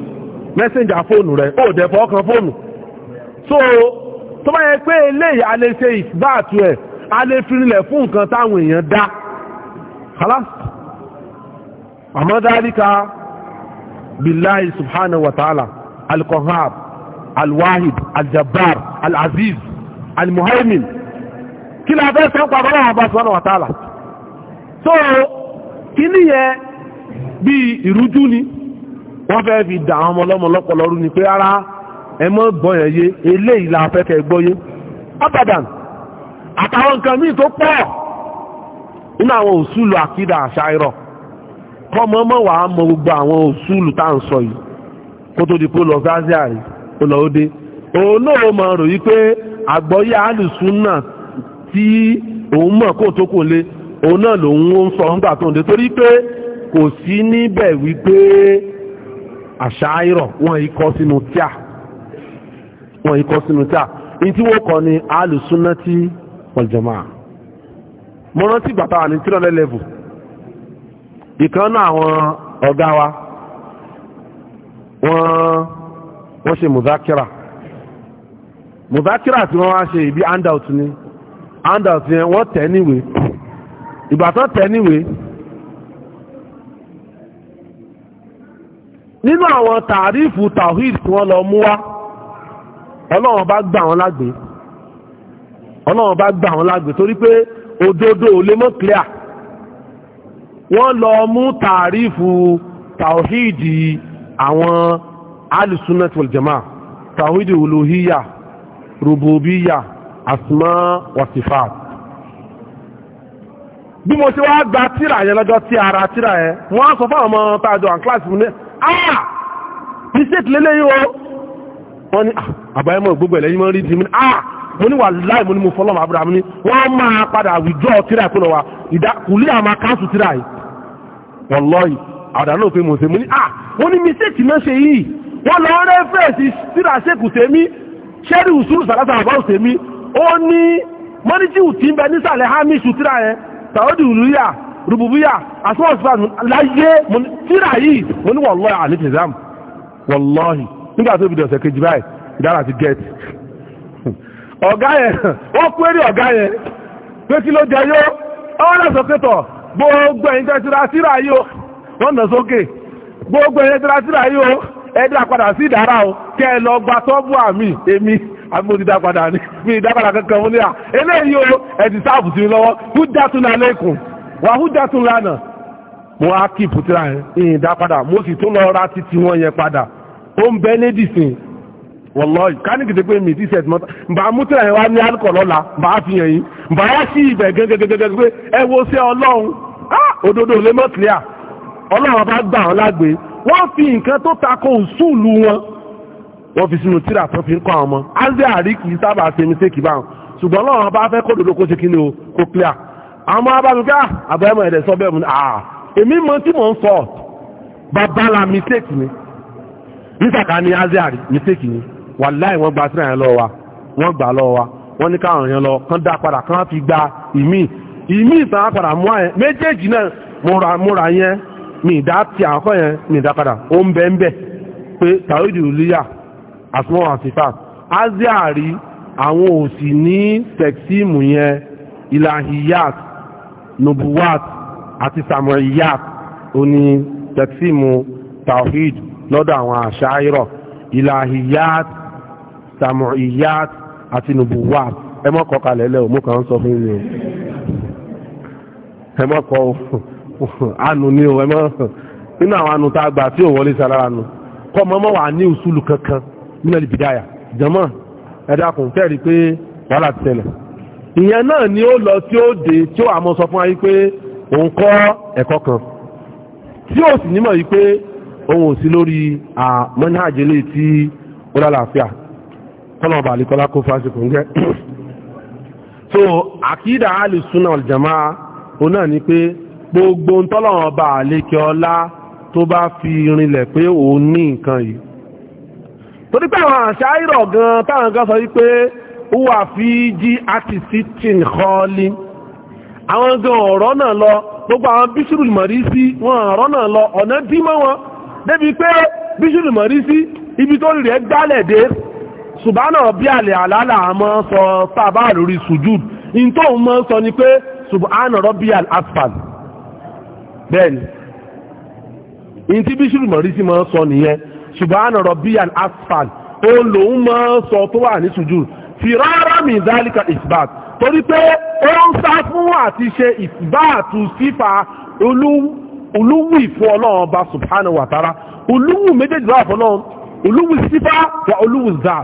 mẹ́sẹ̀njà fóònù rẹ̀ ó dẹ̀ fọ́ọ̀kan fóònù so tó bá yẹ pé eléyìí a lè ṣe ìsbáàtù ẹ̀ a lè firinlẹ̀ fún nǹkan táwọn èèyàn dá khalas àmọ́ dáríka billahi subhanahu wa ta'ala al-qahhar al-wahid al-jabbar al-aziz al-muhaimin kí la fẹ́ sọ́pọ̀ àbọ́lá subhanahu wa ta'ala so kí ni yẹ bí ìrújú ni wọ́n fẹ́ fi dà àwọn ọmọ ni pé ara ẹ mọ́ gbọ́n yé eléyìí la abadan àtàwọn nǹkan míì tó pọ̀ nínú àwọn òṣùlù àkídà àṣàìrọ̀ kọ́ mọ́ mọ́ wàá mọ gbogbo àwọn òṣùlù tá à ń sọ yìí kó tó di pé lọ lọ òun náà náà tí òun mọ̀ kó tó kò lé òun náà lòun ń sọ tó ń dé àṣàáìrọ̀ wọ́n yìí kọ́ sínú tíà wọ́n yìí kọ́ tí wọ́n kọ́ ni alùsúnnátì wal jamaa mo rántí gbàtà wà ní three hundred level ìkan náà àwọn ọ̀gá wa wọ́n wọ́n ṣe mùzákírà mùzákírà tí wọ́n wá ṣe ìbí handout ni handout yẹn wọ́n tẹ̀ níwèé ìgbà tẹ̀ níwèé nínú àwọn tàrífù tawhid tí wọ́n lọ mú wá ọlọ́run bá gbà wọ́n lágbè ọlọ́run bá gbà wọ́n lágbè torí pé òdodo ò lè mọ́ clear wọ́n lọ mú tàrífù tawhid àwọn alùsùnàtì wàlìjàmá tawhid olùhíyà rububiyya asma wasifat bí mo ṣe wá gba tíra yẹn lọ́jọ́ tí ara tíra yẹn wọ́n á sọ fáwọn ọmọ tá a jọ àwọn kíláàsì fún ah mistake lélẹ́ yíò wọ́n ni ah, àbáyẹ́mọ̀ gbogbo ẹ̀lẹ́yìn mọ́ rí ti mi ah mo ní wà láì mo ní mo fọ́lọ́ àbúrà mi ní wọ́n máa padà withdraw tíra ìpínlẹ̀ wa ìdákùlé àmà káńsù tíra yìí wọ́lọ́yì àdánù pé mo ṣe mo ní ah mo ní mistake mọ́ ṣe yìí wọ́n lọ rẹ́fẹ̀ẹ́sì tíra ṣèkù tèmi ṣẹ́rí ìṣúrù sàlátà àbáwò tèmi ó ní mọ́níjì ù tí ń bẹ nísàlẹ̀ hamish tíra yẹn sàódì ìlú yà rububiya asọ́wọ́ sí fàánù láyé tíra yìí mo ní wọ́lọ́ọ̀ àní tìzámù wọ́lọ́ọ̀hì nígbà tó bìdọ̀ ọ̀sẹ̀ kejì báyìí ìdára ti gẹ̀ẹ́tì ọ̀gá yẹn wọ́n kú èrè ọ̀gá yẹn pé kí ló jẹyó ọwọ́ gbogbo ẹ̀yin tíra o o o ní kankan fún ní à eléyìí o sáàbù sí lọ́wọ́ kú tún náà lẹ́kùn wàhújà tún lánàá mo á kí ìpùtìrà yẹn dá padà mo sì tún lọ ra títí wọn yẹn padà ó ń bẹ lédìsìn wọlọ́ọ̀yì káníkìtì pé mi ti sẹ̀ tìmọ́ta bá mútìrà yẹn wá ní alukọ̀ lọ́la bá a fi hàn yín bá a sí ibẹ̀ gẹ́gẹ́gẹ́gẹ́ pé ẹ wo sí ọlọ́run ah, òdodo lè mọ́ bá gbà wọn lágbe wọ́n fi nǹkan tó takò sùúlù wọn wọ́n fi sínú tíra tó fi ń kọ́ àwọn ọmọ azẹ́ àrí sábà ṣe mi ṣe kì bá wọn ṣùgbọ́n ọlọ́run bá fẹ́ kó òdodo kó ṣe kí ni o kó clear àwọn abánuká ah, àbẹ́mọ̀ ẹ̀dẹ̀ sọ bẹ́ẹ̀ mú àà ah, èmi mọ tí mò ń sọ babala mistake ni nísàkà ní azeari mistake ni wàláì wọ́n gba síra yẹn lọ wa wọ́n gbà lọ wa wọ́n ní káwọn yẹn lọ kán dá padà kán fi gba ìmí ìmí ìtàn apàdà mú àyẹn méjèèjì náà múra múra yẹn mi ìdá ti àkọ́ yẹn mi ìdá padà ó ń bẹ́ ń bẹ́ pé tàwídìí olúyà àsùnmọ́ àsìfà azeari àwọn òsì ní tẹ̀síìmù yẹn ìlàhìyàtì nubuwat àti samueliyat oní tẹ̀símù tawhid lọ́dọ̀ àwọn àṣàyírọ̀ ilahiyat samueliyat àti nubuwat ẹ mọ́ kọ́ kalẹ̀ lẹ́wọ̀ mú kàn ń sọ fún mi ẹ mọ́ kọ́ anu ní o ẹ mọ́ nínú àwọn anu tá a gbà tí ò wọlé sálára nu kọ́ mọ́ mọ́ wà ní ìsúlù kankan nínú ìbídáyà jẹ́mọ́ ẹ dákun kẹ́rì pé wàhálà ti ṣẹlẹ̀ ìyẹn náà ni ó lọ tí ó dé tí ó àmọ́ sọ fún wa wípé òun kọ́ ẹ̀kọ́ kan tí ó sì nímọ̀ wípé òun ò sí lórí àmọ́nájẹ́lé tí ó lálàáfíà kọ́nà ọba àlekọ́lá kó fásitì ń so àkídà alìsúnà ọ̀jàmá òun náà ni pé gbogbo ń tọ́lọ̀wọ̀n ọba àlekẹ́ ọlá tó bá fi rinlẹ̀ pé òun ní nǹkan yìí torí pé àwọn àṣà ìrọ̀ gan táwọn kan sọ wípé wà fi jí àti sitin kọ́ọ̀lì àwọn gan ọ̀rọ̀ náà lọ gbogbo àwọn bíṣùrù mọ̀rí sí wọn ọ̀rọ̀ náà lọ ọ̀nà dí mọ́ wọn débi pé bíṣùrù mọ̀rí sí ibi tó rí rẹ̀ gbálẹ̀ dé bí alẹ́ àlálà àmọ́ sọ tàbá lórí sùjúd in tó ń mọ́ sọ ni pé ṣùgbọ́n rọ́bí al-asfal bẹ́ẹ̀ni in tí bíṣùrù mọ̀rí sí mọ́ sọ nìyẹn ṣùgbọ́n rọ́bí al-asfal ó lòun mọ́ sọ tó wà ní sùjúd firara min zalika isbat torí pé ó ń sá fún àti ṣe ìsbáàtù sífà olúwù ìfún ọlọ́run ọba subhanahu wa ta'ala olúwù méjèèjì lọ́wọ́ fún ọlọ́run olúwù sífà wà olúwù zà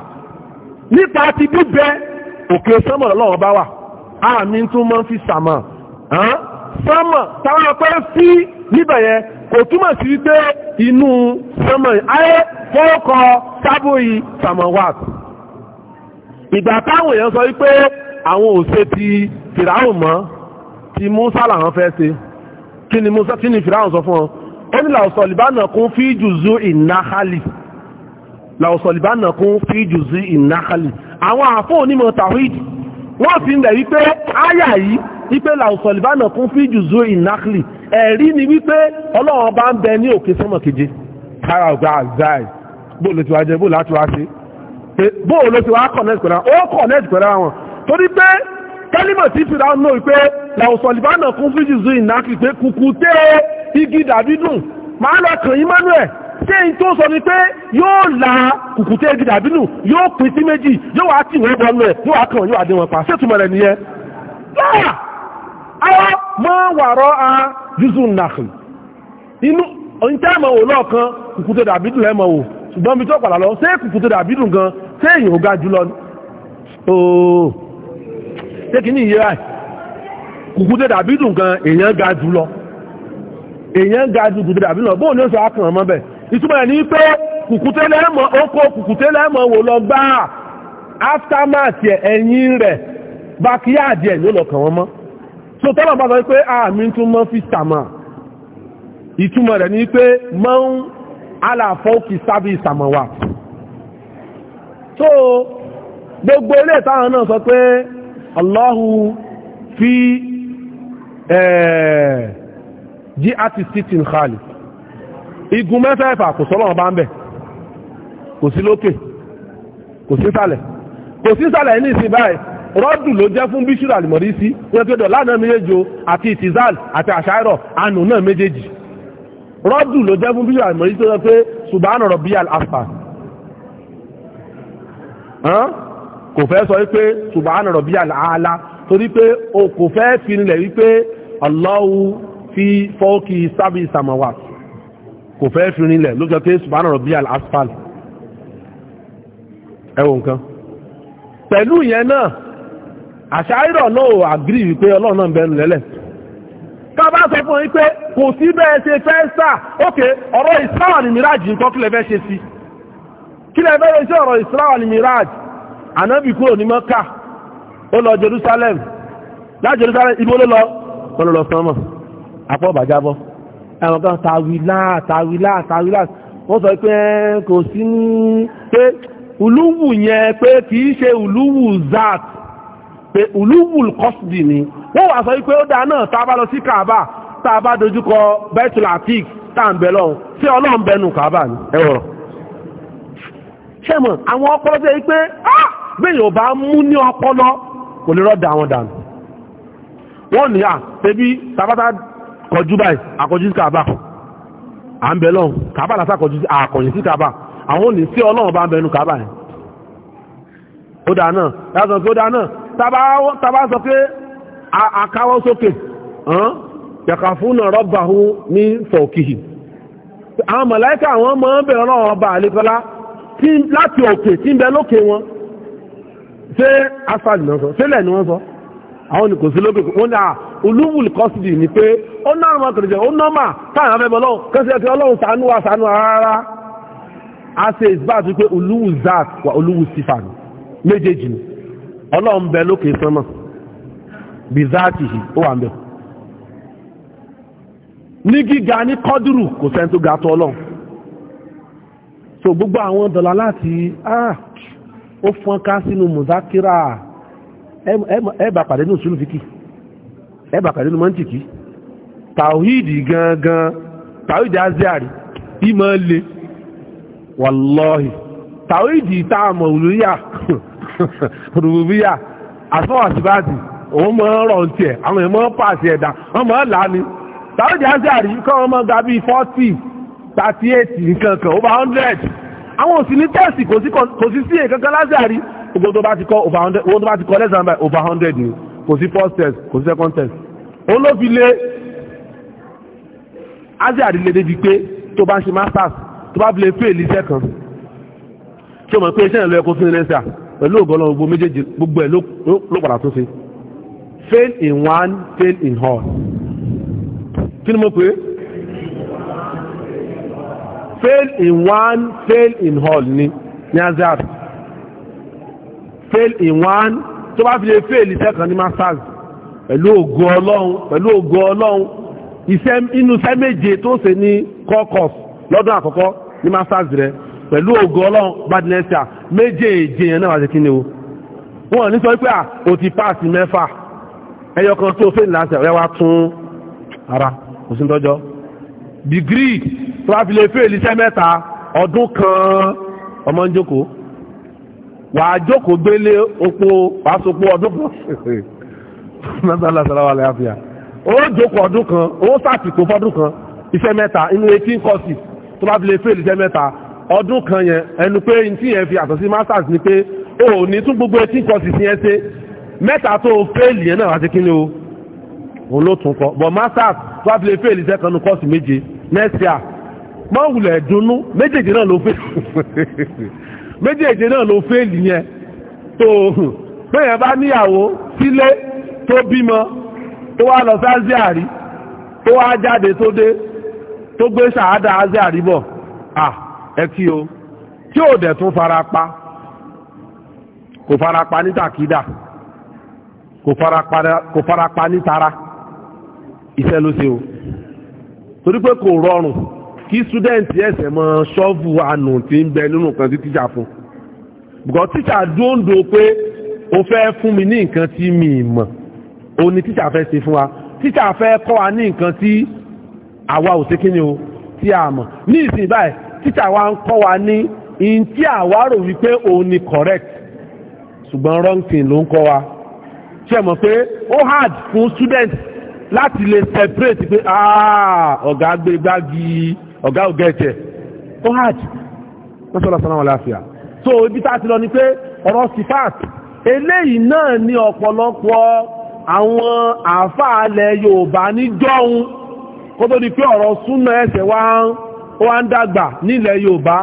nípa ti bíbẹ òkè sánmọ̀ ọlọ́run ọba wà àmì tún máa fi sàmà sánmọ̀ táwọn pẹ́ sí níbẹ̀ yẹn kò túmọ̀ sí wípé inú sánmọ̀ ayé fọ́ọ̀kọ̀ sábòyí sàmọ̀wàtì ìgbà táwọn èèyàn sọ wípé àwọn ò ṣe ti fìràhùn mọ́ ti Musa làwọn fẹ́ ṣe kí ni Musa kí ni fìràhùn sọ fún ọ ó ní làwùsọ̀ libánà kún fi jùzú ìnáhálì làwùsọ̀ libánà kún fi jùzú ìnáhálì àwọn àfọ́ onímọ̀ tawhid wọ́n fi ń bẹ̀ wípé áyà yìí wípé làwùsọ̀ libánà kún fi jùzú ìnáhálì ẹ̀rí ni wípé ọlọ́run bá ń bẹ ní òkè sọ́mọ̀ keje kára ọ̀gá àzáì bó lè ti wá jẹ bó láti wá ṣe pé bóò ló ti wá connect pẹ̀lú àwọn ó connect pẹ̀lú àwọn torí pé kẹ́límọ̀ tí fìlà ń lò pé làwùsàn ìbánà kún fíjì zu ìnákì pé kùkù tẹ́ igi dàbí dùn máa lọ kàn yín mọ́nú ẹ̀ ṣé n tó sọ ni pé yóò la kùkù tẹ́ igi dàbí dùn yóò pín sí méjì yóò wá tì wọ́n bọ́nú ẹ̀ yóò wá kàn yóò àdéhùn pa ṣètùmọ̀ rẹ̀ nìyẹn. láà àwọn mọ wàrọ̀ a jùzù ìnákì inú ìtẹ́ àmọ́ wò lọ́ọ̀kan kùkù tẹ́ dàbí dùn lẹ́mọ̀ wò ṣùgbọ́n mi tó padà lọ ṣé kùkù tẹ́ dàbí dùn gan tí èyàn ò ga jùlọ ooo tí kì ní iye ráì kùkú tẹ́ dàbí dùn gan èyàn ga jùlọ èyàn ga jù kùkú tẹ́ dàbí lọ bóò ní oṣù akàn ọmọ bẹ̀ ìtumọ̀ ní pé kùkú tẹ́ lẹ́mọ̀ oko kùkú tẹ́ lẹ́mọ̀ wò lọ gbá aftermath ẹ̀yìn rẹ̀ backyard ẹ̀ ló lọ kàn wọ́n mọ́ so tọ́lọ̀ bá sọ pé àmì ah, tún mọ́ fi sàmà ìtumọ̀ rẹ̀ ní pé mọ́ ń alàfọ́ kì sábì sàmà wà so gbogbo ilé ìtàwọn náà sọ pé Allahu fi jí àti sitin khali igun mẹ́fẹ́fà kò sọ́lọ́wọ́ bá ń bẹ̀ kò sí lókè kò sí sàlẹ̀ kò sí sàlẹ̀ ní ìsìn báyìí rọ́dù ló jẹ́ fún bíṣúrù àlùmọ̀rí sí wọ́n pé dọ̀lá náà méjèèjì àti ìtìzáàl àti àṣàírọ̀ àánú náà méjèèjì rọ́dù ló jẹ́ fún bíṣúrù àlùmọ̀rí tó sọ pé subhana rabbiyal asfar kò fẹ́ sọ wípé subhana rabbiyal aala torí pé o kò fẹ́ fi nílẹ̀ wípé Allahu fi fawqi sab'i samawat kò fẹ́ fi nílẹ̀ ló jọ pé subhana rabbiyal asfal ẹwọ nǹkan pẹ̀lú ìyẹn náà àṣàírọ̀ náà àgírí wípé ọlọ́run náà bẹ̀rù lẹ́lẹ̀ kábá sọ fún wípé kò sí bẹ́ẹ̀ kí lẹ bẹ̀rẹ̀ sí ọ̀rọ̀ Isra wal Miraj ànábì kúrò ní Mọ́kà ó lọ Jerusalem láti Jerusalem ibo ló lọ wọ́n lọ sánmọ̀ apọ́ bàjábọ́ ẹ̀wọ̀n kan tàwílá tàwílá tàwílá wọ́n sọ pé kò sí ní pé ulúwù yẹn pé kì í ṣe ulúwù zat pé ulúwù kọ́sìdì ni wọ́n wà sọ pé ó dá náà tá a bá lọ sí Kaaba tá a bá dojúkọ Baitul Atiq tá à ń bẹ lọ́hùn sí ọlọ́run bẹnu Kaaba ni ẹ̀wọ̀n ṣẹ́mọ̀ àwọn ọpọlọ tẹ́ pé ah! bẹ́yìn ò bá mú ní ọpọlọ kò lè rọ́dà àwọn dànù wọ́n ní à tẹ́bí tabata kọjú báyìí àkọjú sí kàbà à ń bẹ lọ́hùn kàbà lásà kọjú àkọyìn sí kàbà àwọn ò ní sí ọlọ́run bá ń bẹnu kàbà yẹn ó dà náà láti sọ pé ó dà náà tàbá sọ pé àkáwọ́ sókè yàkà fún rọ́bà hù ní fọ̀kìhì àwọn mọ̀láìkà àwọn mọ̀ ń bẹ̀rẹ̀ ọlọ́run ọba àlékọ́lá láti òkè tí ń bẹ lókè wọn ṣé asfalt náà sọ sílẹ̀ ni wọ́n sọ àwọn nìkò sí lókè wọ́n dà olúwùl kọ́sìdì ni pé ó náà mọ́ tòrìjẹ́ ó nọ́mà táwọn afẹ́bọ̀ lọ́wọ́ kẹ́sì ẹ̀kẹ́ ọlọ́run ṣàánú wa ṣàánú rárá a ṣe ìsbáà tó pé olúwù zak wà olúwù sífàn méjèèjì ni ọlọ́run bẹ lókè sánmà bí záàtì yìí ó wà ń bẹ ní gíga ní kọ́dùrù kò sẹ́ni tó ga tó ọlọ́run so gbogbo àwọn dọ̀là láti ah ó fọ́n ká sínú mùzákírà ẹ̀bà pàdé ní òṣèlú fíkì ẹ̀bà pàdé ní mọ́ntìkì tàwíìdì gangan tàwíìdì aziari ìmọ̀ lè wàlọ́hì tàwíìdì táàmọ̀ olóyà rùbíyà àsọ́wàsíbáàdì òun mọ́ rọ̀ ń tiẹ̀ àwọn èèyàn mọ́ pàṣẹ ẹ̀dá wọ́n mọ́ là ní tàwíìdì kọ́ thirty eight nǹkan kan over hundred àwọn òsì ní tẹ́ẹ̀sì kò sí sí èkankan lásìárí gbogbo tó bá ti kọ́ over hundred owó tó bá ti kọ́ less than by over 100. ni kò sí first test kò sí second test òun ló fi lé lásìárí lè débi pé tó bá ń ṣe masters tó bá fi lè fail iṣẹ́ kan tí o mọ̀ pé iṣẹ́ ìlú ẹ̀kọ́ fún ẹlẹ́sà pẹ̀lú ògbọ́n gbogbo méjèèjì gbogbo ẹ̀ ló padà tún ṣe fail in one fail in all kí ni mo pè é fail in one fail in all ni ni azab fail in one tó bá fi lè fail iṣẹ́ kan ní masters pẹ̀lú ògo ọlọ́run pẹ̀lú ògo ọlọ́run iṣẹ́ inú iṣẹ́ méje tó ṣe ní kọ́kọ́s lọ́dún àkọ́kọ́ ní masters rẹ pẹ̀lú ògo ọlọ́run badnessa méjèèjì yẹn náà wà sí kíni o wọn ní sọ pé à o ti pass mẹ́fà ẹyọ kan tó fail láti ẹ̀rẹ́ wa tún ara kò sí tọ́jọ́ degree tó bá fi lè fẹ́ ìlísẹ́ mẹ́ta ọdún kan ọmọ ń jókòó wàá jókòó gbélé opó wàá sopó ọdún kan mẹ́tàlá sọ́láwà lè àfíà ó jókòó ọdún kan ó sàtìkò fọ́dún kan iṣẹ́ mẹ́ta inú eighteen courses tó bá fi lè fẹ́ ìlísẹ́ mẹ́ta ọdún kan yẹn ẹnu pé n tí yẹn fi àtọ̀ masters ni pé o ní tún gbogbo eighteen courses yẹn ṣe mẹ́ta tó fẹ́ẹ̀lì yẹn náà wá sí kíni o òun ló tún kọ but masters tó bá fi lè fẹ́ ìlísẹ́ kan nu course mọ́wùlẹ̀ dúnú méjèèjì náà ló fèèlì méjèèjì náà ló fèèlì yẹn tó bẹ́yẹn bá níyàwó sílé tó bímọ tó wá lọ sí aziari tó wá jáde tó dé tó gbé sàádà aziari bọ̀ à ẹ kí o tí ò dẹ̀ tún fara pa kò fara pa ní tàkídà kò fara pa ní tara iṣẹ́ ló ṣe o torí pé kò rọrùn kí students ẹsẹ̀ mọ ṣọ́ọ̀bù àánú tí ń bẹ nínú nǹkan tí tíṣà fún because tíṣà dóńdó pé o fẹ́ fún mi ní nǹkan tí mi mọ̀ o ní tíṣà fẹ́ ṣe fún wa tíṣà fẹ́ kọ́ wa ní nǹkan tí àwa ò ṣe kí ni o tí a mọ̀ ní ìsìn báyìí tíṣà wa ń kọ́ wa ní in tí àwa rò wípé òun ni correct ṣùgbọ́n wrong thing ló ń kọ́ wa ṣe mọ̀ pé ó hard fún students láti lè separate pé ah, ọ̀gá gbé gbági ọ̀gá ọ̀gá ẹ̀tẹ̀ ó hajj wọ́n sọ́lá sọ́lá wọn láàfíà so ibi tá a ti lọ ni pé ọ̀rọ̀ sifat eléyìí náà ni ọ̀pọ̀lọpọ̀ àwọn àfáàlẹ̀ Yorùbá ní jọ́hun kó tó di pé ọ̀rọ̀ súnmọ́ ẹsẹ̀ wá wá ń dàgbà nílẹ̀ Yorùbá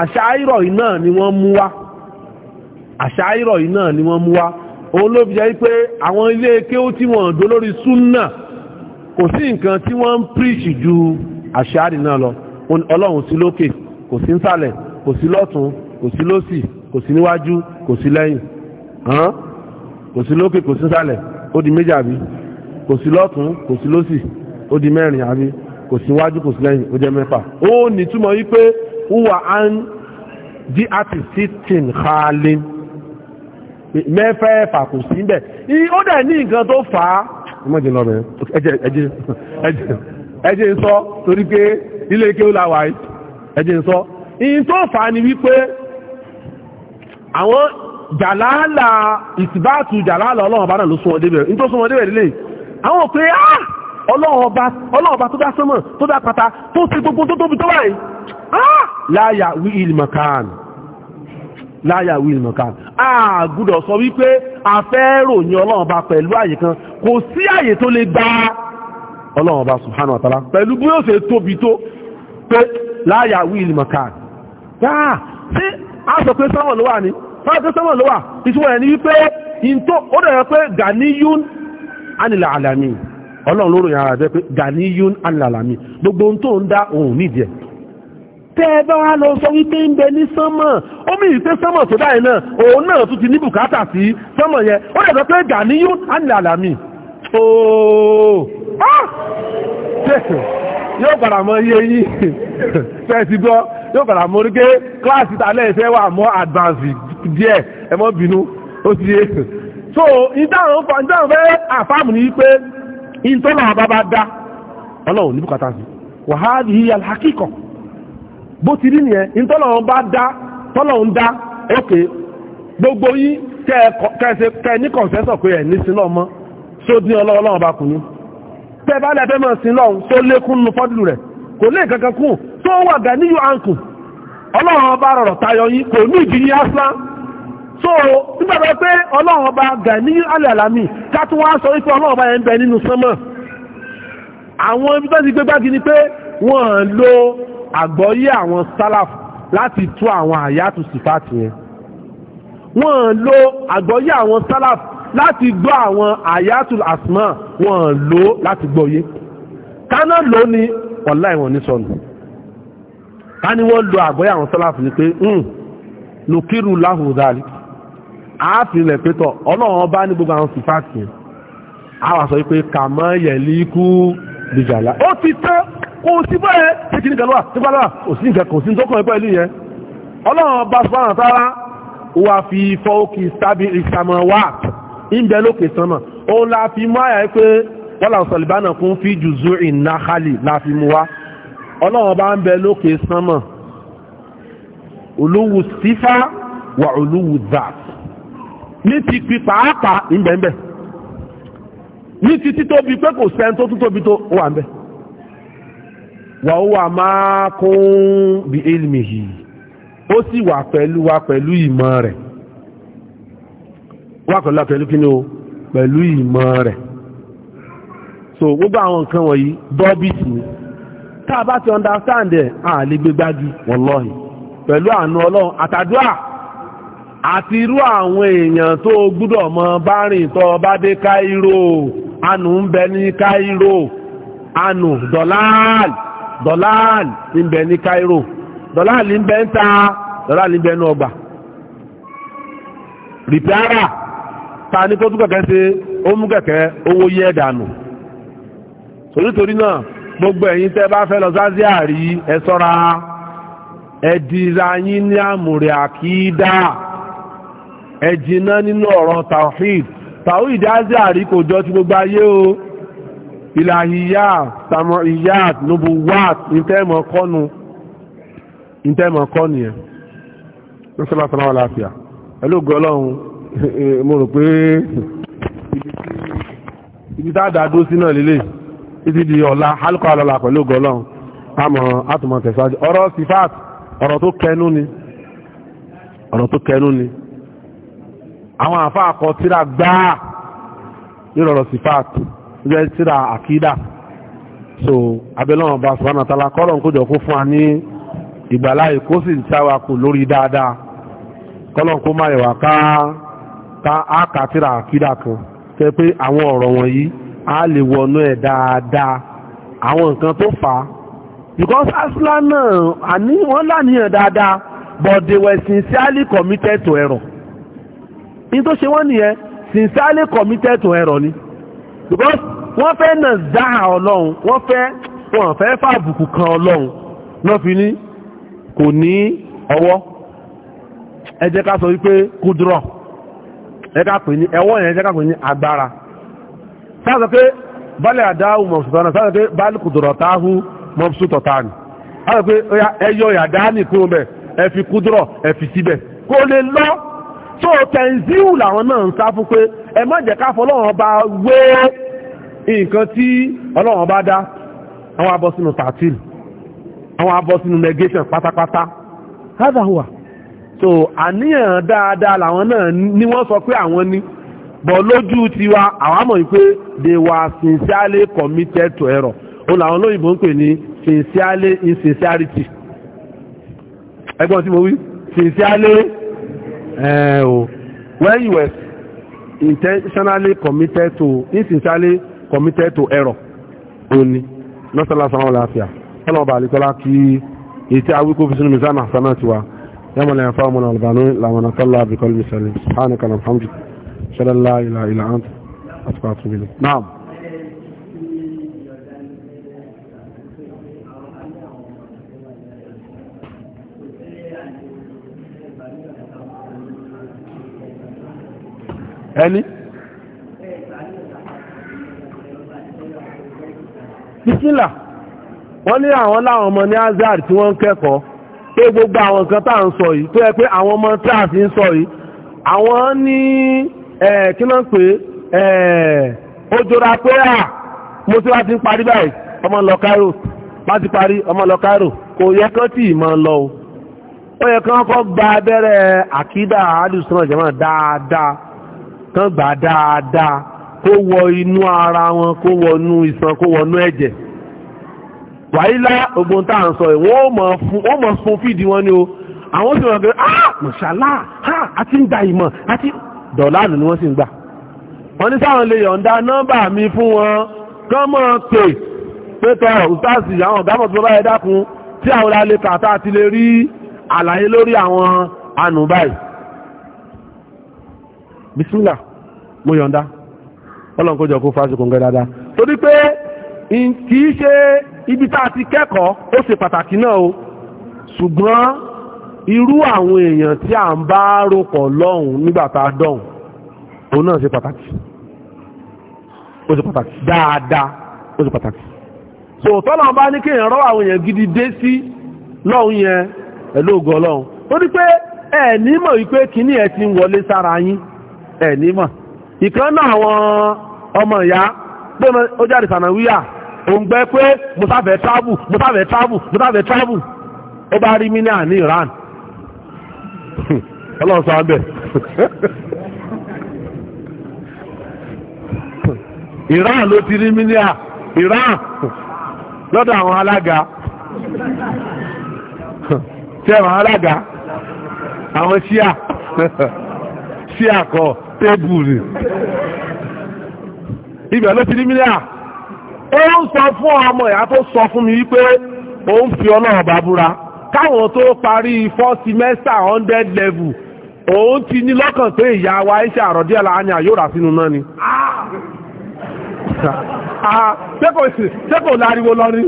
àṣà ìrọ̀ yìí náà ni wọ́n mú wá àṣà ìrọ̀ yìí náà ni wọ́n mú wá òun ló fi jẹ́ wípé àwọn ilé kéwú tí wọ́n dó lórí súnà kò sí nǹkan tí wọ́n ń píríṣì ju àṣàárì náà lọ ọlọ́run sí lókè kò sí nsàlẹ̀ kò sí lọ́tún kò sí lósì kò sí níwájú kò sí lẹ́yìn kò sí lókè kò sí nsàlẹ̀ ó di méjì àbí kò sí lọ́tún kò sí lósì ó di mẹ́rin àbí kò sí wájú kò sí lẹ́yìn ó jẹ́ mẹ́fà ó ní túmọ̀ wípé wúwà á ń di àti sitin xaalin mẹ́fẹ̀ẹ́fà kò sí bẹ́ẹ̀ ó dẹ̀ ní nǹkan tó fà á. ẹ má jẹ́ lọ́bẹ̀ẹ́ ẹ jẹ́ ẹ jẹ́ ẹ jẹ́. ẹjẹ́ ń sọ torí pé ilé ike ó ń sọ ìyìn tó fà ni wípé àwọn jàlálà ìtìbáàtù jàlálà ọlọ́run ọba náà ló súnmọ́ débẹ̀ ní tó súnmọ́ débẹ̀ lílé àwọn pé á ah! ọba tó dá sánmọ̀ tó dá pátá tó gbogbo tó tóbi tó báyìí ah! láyà ọlọ́run ọba subhanahu wa ta'ala pẹ̀lú bí ó ṣe tóbi tó pé láyà wíìlì mọ̀ká yáà sí a sọ pé sọ́mọ̀ ló wà ní fáwọn pé sọ́mọ̀ ló wà ìtumọ̀ wípé ìntó ó ganiyun anil alamin ọlọ́run lórí ara rẹ̀ pé ganiyun anil alamin gbogbo ohun tó ń dá òun nídìí ẹ̀ tẹ́ ẹ bá wá lọ sọ wípé ń bẹ ní sánmọ̀ ó mì pé sánmọ̀ tó dáyé náà òun náà tún ti ní bùkátà sí sánmọ̀ yẹn ó dẹ̀ sọ pé ganiyun anil alamin ooo yóò padà mọ iye yìí fẹ́ẹ̀sì gbọ́ yóò padà mọ oríkè kíláàsì tàlẹ́ ìfẹ́ wà mọ́ advance díẹ̀ ẹ mọ́ bínú ó ti yé so ìdáhùn fẹ́ àfáàmù ní pé ìtọ́nà bàbá dá ọlọ́run ní bùkátà sí wàhálì alhakíkọ̀ bó ti rí nìyẹn ìtọ́lọ́run bá dá tọ́lọ́run dá ókè gbogbo yí kẹ́ẹ̀ ní kọ̀ǹsẹ́sọ̀ pé ẹ̀ ní sínú ọmọ sódí ọlọ́run bá kùnú tẹ́bá lẹ́fẹ́ mọ̀ sí lọ́hun tó lékún nù fọ́dùlù rẹ̀ kò lè kankan kún tó wà gà níyù àǹkù ọlọ́run ọba rọ̀rọ̀ tayọ yín kò ní ìdí ní asla so nígbàgbọ́ pé ọlọ́run ọba gà níyù alẹ́ àlàmì kátó wá sọ wípé ọlọ́run ọba yẹn ń bẹ nínú sánmọ̀ àwọn ibi tó ti gbé gbági ni pé wọ́n lo àgbọ́yé àwọn sálàf láti tú àwọn àyàtù sífàtì yẹn wọ́n lo àgbọ́yé àwọn sálàf láti gbọ́ àwọn ayatul asma wọn lò láti gbọ́ yé kaná lò ní ọ̀lá ìwọ̀n ní sọnù ká ní wọ́n lo àgbọ́yé àwọn sọ́láfù ní pé ń lùkírù láhùdáàlì ààfin lẹ̀ pétọ̀ ọlọ́run bá ní gbogbo àwọn sífàtì yẹn a wà sọ pé kàmọ́ yẹ̀líkú bìjàlá ó ti tán kò sí bẹ́ẹ̀ tí kìíní kan lọ́wà nípa kò sí nǹkan kò sí nǹkan kan pẹ̀lú yẹn ọlọ́run bá sọ́ràn ìbẹ̀ lókè sánmà òun la fi mú àyà pé wọ́là sọ̀lìbánà kún fi jùzú ìnáhálì la fi mú wá ọlọ́run bá ń bẹ lókè sánmà olúwu sífà wà olúwu zàt ní ti pi pàápàá ìbẹ̀ǹbẹ̀ ní ti títóbi pé kò sẹ́ni ó sì wà pẹ̀lú wa pẹ̀lú ìmọ̀ rẹ̀ wà pẹ̀lú kí ni o pẹ̀lú ìmọ̀ rẹ̀ so gbogbo àwọn nǹkan wọ̀nyí dọ́bìtì ni tá a bá ti understand ẹ̀ à gbé gbági pẹ̀lú àánú ọlọ́run àtàdúrà àti irú àwọn èèyàn tó gbúdọ̀ mọ bá rìn bá dé káírò ta ní tó tún kẹ̀kẹ́ ṣe ó mú kẹ̀kẹ́ owó yẹ́ dànù nítorí náà gbogbo ẹ̀yin tẹ́ bá fẹ́ lọ zazia rí ẹ sọ́ra ẹ dira yín ní àmùrè àkídá ẹ jìnnà nínú ọ̀rọ̀ tawhid tawhid zazia rí kò jọ ti gbogbo ayé o ìlàhíyà samoiyà nubuwat ìtẹ́mọ̀ kọ́nu ìtẹ́mọ̀ kọ́nu yẹn ní sọ́lá sọ́lá wà láàfíà pẹ̀lú gọlọ́hun Eh, eh, mo rò pé ibi tá a dá dúró sí náà lélẹ̀ títí di ọ̀la alukọ̀ alọ́la pẹ̀lú gọ́lọ́n àmọ́ àtùmọ̀ tẹ̀síwájú ọ̀rọ̀ sifat ọ̀rọ̀ tó kẹnu ni ọ̀rọ̀ tó kẹnu ni àwọn àfa akọ tíra gbáà nírọ̀rọ̀ sifat jẹ́ tíra àkídà so abẹ́lọ́wọ̀n bá sọ́nà tala kọ́lọ̀ kójọ kó fún wa ní ìgbàláyè kó sì ń sáwà kù lórí dáadáa kọ́lọ̀ kó má yẹ̀wà ká ta àkàtìrà àkídà kan tẹ́ pé àwọn ọ̀rọ̀ wọ̀nyí a lè wọnú ẹ̀ dáadáa àwọn nǹkan tó fà á because aslan náà àní wọ́n láníyàn dáadáa but they were sincerely committed to error ní tó ṣe wọ́n nìyẹn sincerely committed to error ni because wọ́n fẹ́ náà záhà ọlọ́run wọ́n fẹ́ wọ́n fẹ́ fàbùkù kan ọlọ́run náà fi ní kò ní ọwọ́ ẹ jẹ́ ká sọ wípé kúdúrọ̀ ẹ̀ka pè ní ẹwọ́ yẹn ẹ̀ka pè ní agbára sáàsọ pé bálẹ̀ àdáhù mọ̀sùtọ́nà sáàsọ pé bálùkùdùrọ̀táhù mọ̀sùtọ̀tánì sáàsọ pé ẹyọ ìyàdáánì kúrò bẹ̀ ẹ fi kúdùrọ̀ ẹ fi síbẹ̀ kó lè lọ tó tẹ̀síù làwọn náà ń sá fún pé ẹ má jẹ́ káfọ́ ọlọ́run bá wé nǹkan tí ọlọ́run bá dá àwọn abọ́ sínú àwọn abọ́ negation pátápátá hádàhùwà so àníyàn dáadáa làwọn náà ni wọ́n sọ pé àwọn ní bọ̀ lójú tiwa àwọn àmọ̀ yìí pé they were sincerely committed to error ó làwọn olóyìnbó ń pè ní sincerely insincerity ẹgbọ́n tí mo wí sincerely ẹ̀ eh, o when you were intentionally committed to insincerely committed to error òní lọ́sọ̀lá sanwó-láfíà ọlọ́ọ̀bà àlìkọ́lá kí ètí awíkó fi sínú mìsánà sanáà tiwa يوم لا ينفع من البنون لا من صلى بكل سليم سبحانك اللهم وبحمدك اشهد ان إلى اله الا انت استغفرك واتوب نعم ẹni bismillah wọ́n ní àwọn láwọn ọmọ ní azhar tí wọ́n kẹ́kọ̀ọ́ pé gbogbo àwọn nǹkan tá à ń sọ yìí tó yẹ pé àwọn ọmọ tí a ti ń sọ yìí àwọn ní kí náà pé ó jọra pé à mo ti wá ti ń parí báyìí ọmọ lọ Cairo bá ti parí ọmọ lọ Cairo kò yẹ kán tí ì máa lọ o ó yẹ kán kọ́ gba abẹ́rẹ́ àkídà alùsùnà jẹ̀mọ́ dáadáa kán gbà dáadáa kó wọ inú ara wọn kó wọnú iṣan kó wọnú ẹ̀jẹ̀ wàílá ogun tá à ń sọ ẹ̀ wọ́n mọ̀ fún fídí wọn ni o àwọn sì wọ́n ah mọ̀ṣálá ha àti ń gba ìmọ̀ àti dọ̀láàlù ni wọ́n sì ń gbà wọ́n ní sáwọn lè yọ̀ǹda nọ́mbà mi fún wọn kán mọ̀ pé pétọ́ ustaasi àwọn ọ̀gámọ̀ tó bá yẹ dákun tí àwọn lálẹ́ kàtà ti lè rí àlàyé lórí àwọn ànú báyìí bisimilá mo yọ̀ǹda ọlọ́nkọ́jọ́ kó fásitì kò ń gẹ́ dáadáa torí pé kì í ṣe ibi tá a ti kẹ́kọ̀ọ́ ó ṣe pàtàkì náà o ṣùgbọ́n irú àwọn èèyàn tí à ń bá ròpọ̀ lọ́hùn nígbà tá a dọ̀hùn òun náà ṣe pàtàkì ó ṣe pàtàkì dáadáa ó ṣe pàtàkì sòótọ́ làwọn bá ní kéèyàn rọ́ àwọn èèyàn gidi dé sí lọ́hùn yẹn pẹ̀lú ògùn ọlọ́hùn ó ní pé ẹ ní mọ̀ wípé kíní ẹ ti ń wọlé sára yín ẹ ní ìkan náà àwọn ọmọ ìyá pé ó jáde sànàwíyà òǹgbẹ́ pé mo travel mo travel mo travel ó bá rí mílíọ̀n ní Iran ọlọ́run abẹ́ Iran ló ti rí Iran lọ́dọ̀ àwọn alága tí àwọn alága àwọn ṣíà ṣíà kọ tébùlù ibẹ̀ ló ti rí ó ń sọ fún ọmọ ìyá tó sọ fún mi wípé òun fi ọlọ́run bá búra káwọn tó parí four semester hundred level òun ti ní lọ́kàn pé ìyá wa iṣẹ́ àròdíẹ̀ láàárín àyòrà sínú náà ni. Ah, ṣé kò láriwo lọ rí?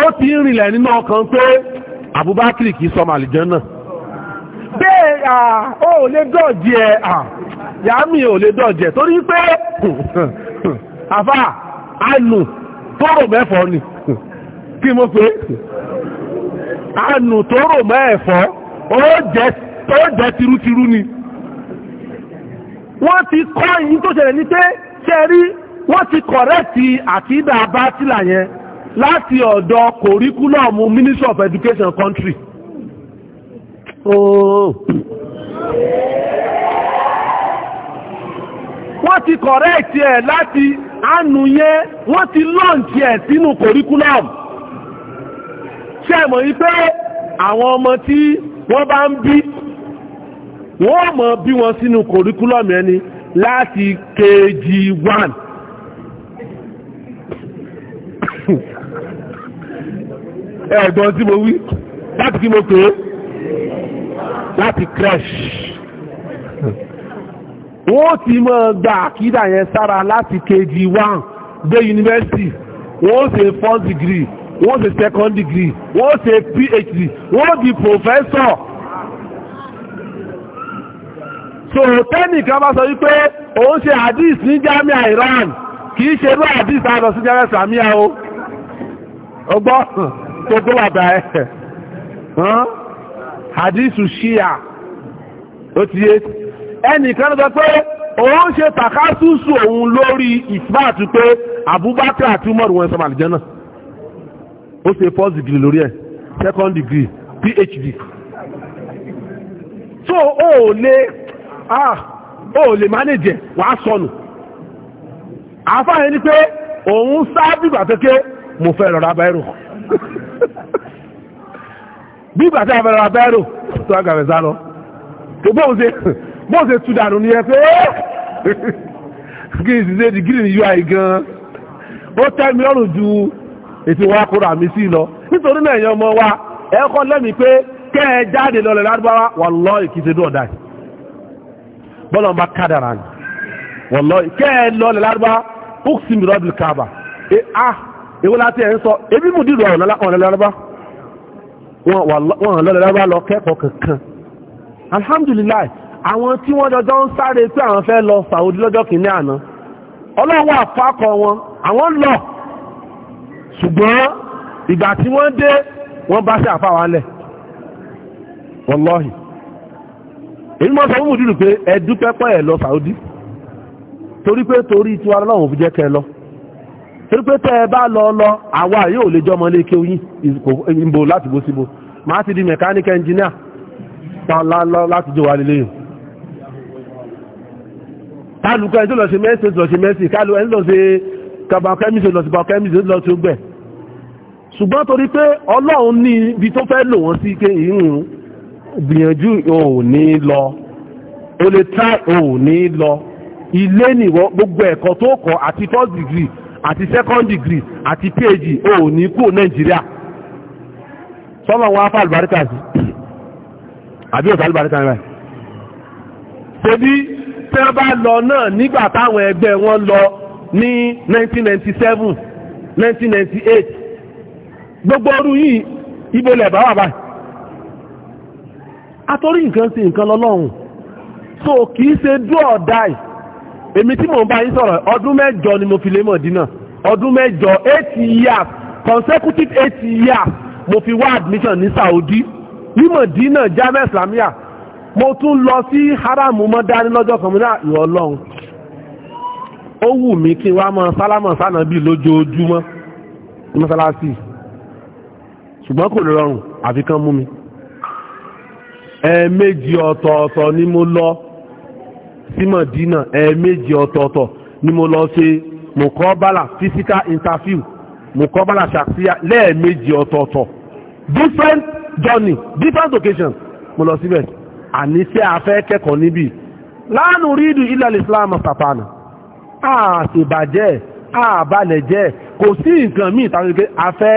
ó ti ń rìnlẹ̀ nínú ọkàn pé Abubakar kì í sọ màlìjẹ́ náà bẹ́ẹ̀ ó lè dọ̀dì ẹ̀ yàmì ò lè dọ̀dì ẹ̀ torí pé àfà ànù tóró mẹ́fọ́ ni kí mo pé ànù tóró mẹ́fọ́ ó jẹ́ tirútirú ni wọ́n ti kọ́ yìí tó ṣẹlẹ̀ ní pé ṣe rí wọ́n ti kọ̀rẹ́tì àkídà bátìlà yẹn láti ọ̀dọ̀ kòríkúlọ̀mù Ministry of Education country wọ́n ti kọ̀rẹ́ẹ̀tì ẹ̀ láti ánú yẹn wọ́n ti lọ́ǹtì ẹ̀ sínú kòríkúlọ̀mù ṣe mọ̀ yí pé àwọn ọmọ tí wọ́n bá ń bí wọ́n mọ̀ bí wọn sínú kòríkúlọ̀mù ẹni láti KG1 ẹ̀gbọ́n tí mo wí láti kí mo pè láti crash wọ́n ti mọ́ gba àkídà yẹn sára láti kejì one dé university. wọ́n ṣe first degree wọ́n ṣe second degree wọ́n ṣe phd wọ́n di professor so tẹ́nìkan bá sọ wípé òun ṣe hadith ní jamia Iran kì í ṣe irú hadith àlọ́ sí jamia islamia o ọgbọ́n tó gbọ́ bàbá ẹ̀ hàn. Hadisu shia ó ti yé ẹnìkan sọ pé òun ṣe tàkásùsù òun lórí ìfàtú pé Abubakar àti Umar wọn sọmọ àlìjánà ó ṣe first degree lórí ẹ̀ second degree PhD so ó lè ah ó lè manage wàá sọnù àfáà yẹn ni pé òun sáábì gbàtẹ́kẹ́ mo fẹ́ rọra bá ẹrù hàn bí ìgbà tí a fẹ́ra bẹ́rù tó agàfẹ́ sá lọ bóò ṣe tú dànù ní ẹ pé kí n sì ṣe dìgírì ní ui gan ó tẹ́ mi lọ́rùn ju ètò wa kúrò àmì sí lọ nítorí náà èèyàn ọmọ wa ẹ kọ́ lẹ́mìí pé kẹ́ ẹ jáde lọlẹ̀ ládùbáwá wallahi ìkíṣe dùn ọ̀dà bọ́lá ń bá kádàrà ni wallahi kẹ́ ẹ lọlẹ̀ ládùbáwá ó sì mìíràn bí kábà ẹ e, ah èwo láti ẹ̀ ń sọ ebi mú dìrò ọ̀nà ládùbáwá wọ́n lọ́lọ́ lábá lọ kẹ́kọ̀ọ́ kankan alhamdulillah àwọn tí wọ́n jọjọ́ ń sáré pé àwọn fẹ́ lọ Saudi lọ́jọ́ kìíní àná ọlọ́wọ́ àfákọ wọn àwọn lọ ṣùgbọ́n ìgbà tí wọ́n dé wọ́n bá sí àfáwà lẹ̀ wallahi èyí mọ́ sọ fún mùdúrù pé ẹ dúpẹ́ pẹ́ ẹ̀ lọ Saudi torí pé torí tiwa lọ́wọ́ fi jẹ́ kẹ́ lọ torípé tẹ́ ẹ bá lọ lọ àwa yóò lè jọmọ lé kí oyin ìbò láti bó síbò máa ti di mechanic engineer láti jọ wà lélẹ́yìn kálùkọ́ ẹni tó lọ sí mẹ́sì lọ sí mẹ́sì kálù ẹni lọ sí kàbàkẹ́mìsì lọ sí bàkẹ́mìsì lọ sí gbẹ̀ ṣùgbọ́n torí pé ọlọ́run ní ibi tó fẹ́ lò wọ́n sí ké ìrùn gbìyànjú òun lọ o lè try lọ ilé nìwọ gbogbo ẹ̀kọ́ tó kọ àti first degree àti second degree àti phd ò ní kú nàìjíríà sọ́nà wọn afá àlùbáríkà sí àbí ọ̀sán àlùbáríkà rẹ̀ ṣe bí tẹ́ bá lọ náà nígbà táwọn ẹgbẹ́ wọn lọ ní 1997 1998 gbogbo ọdún yìí ibo lẹ̀ bá wà báyìí atorí nǹkan sí nǹkan lọ́lọ́run so kìí ṣe do or die èmi tí mò ń bá yín sọ̀rọ̀ ọdún mẹ́jọ ni mo fi lé Mọ̀dínà ọdún mẹ́jọ eight years consecutive eight years mo fi wá admission ní Saudi ní Mọ̀dínà Jamia Islamia mo tún lọ sí haramu mọ́ dání lọ́jọ́ kan múlá ah, ìwọ ọlọ́run ó wù mí kí n wá mọ sálámọ̀ sánàbí lójoojúmọ́ mọ́sálásì ṣùgbọ́n kò lè rọrùn àfi kán mú mi ẹ̀ẹ̀mejì ọ̀tọ̀ọ̀tọ̀ ni mo lọ sí Mọ̀dínà ẹ̀ẹ̀mejì ọ̀tọ̀ọ̀tọ̀ ni mo lọ ṣe mùkọ́bálà physical interview mùkọ́bálà ṣàkíyà lẹ́ẹ̀mejì ọ̀tọ̀ọ̀tọ̀ different journey different occasion mo lọ síbẹ̀ àníṣe afẹ́ kẹ́kọ̀ọ́ níbí láàánú rídù ilẹ̀ Islam sàtánà àṣèbàjẹ́ àbálẹ̀ jẹ́ kò sí nǹkan míì tàbí afẹ́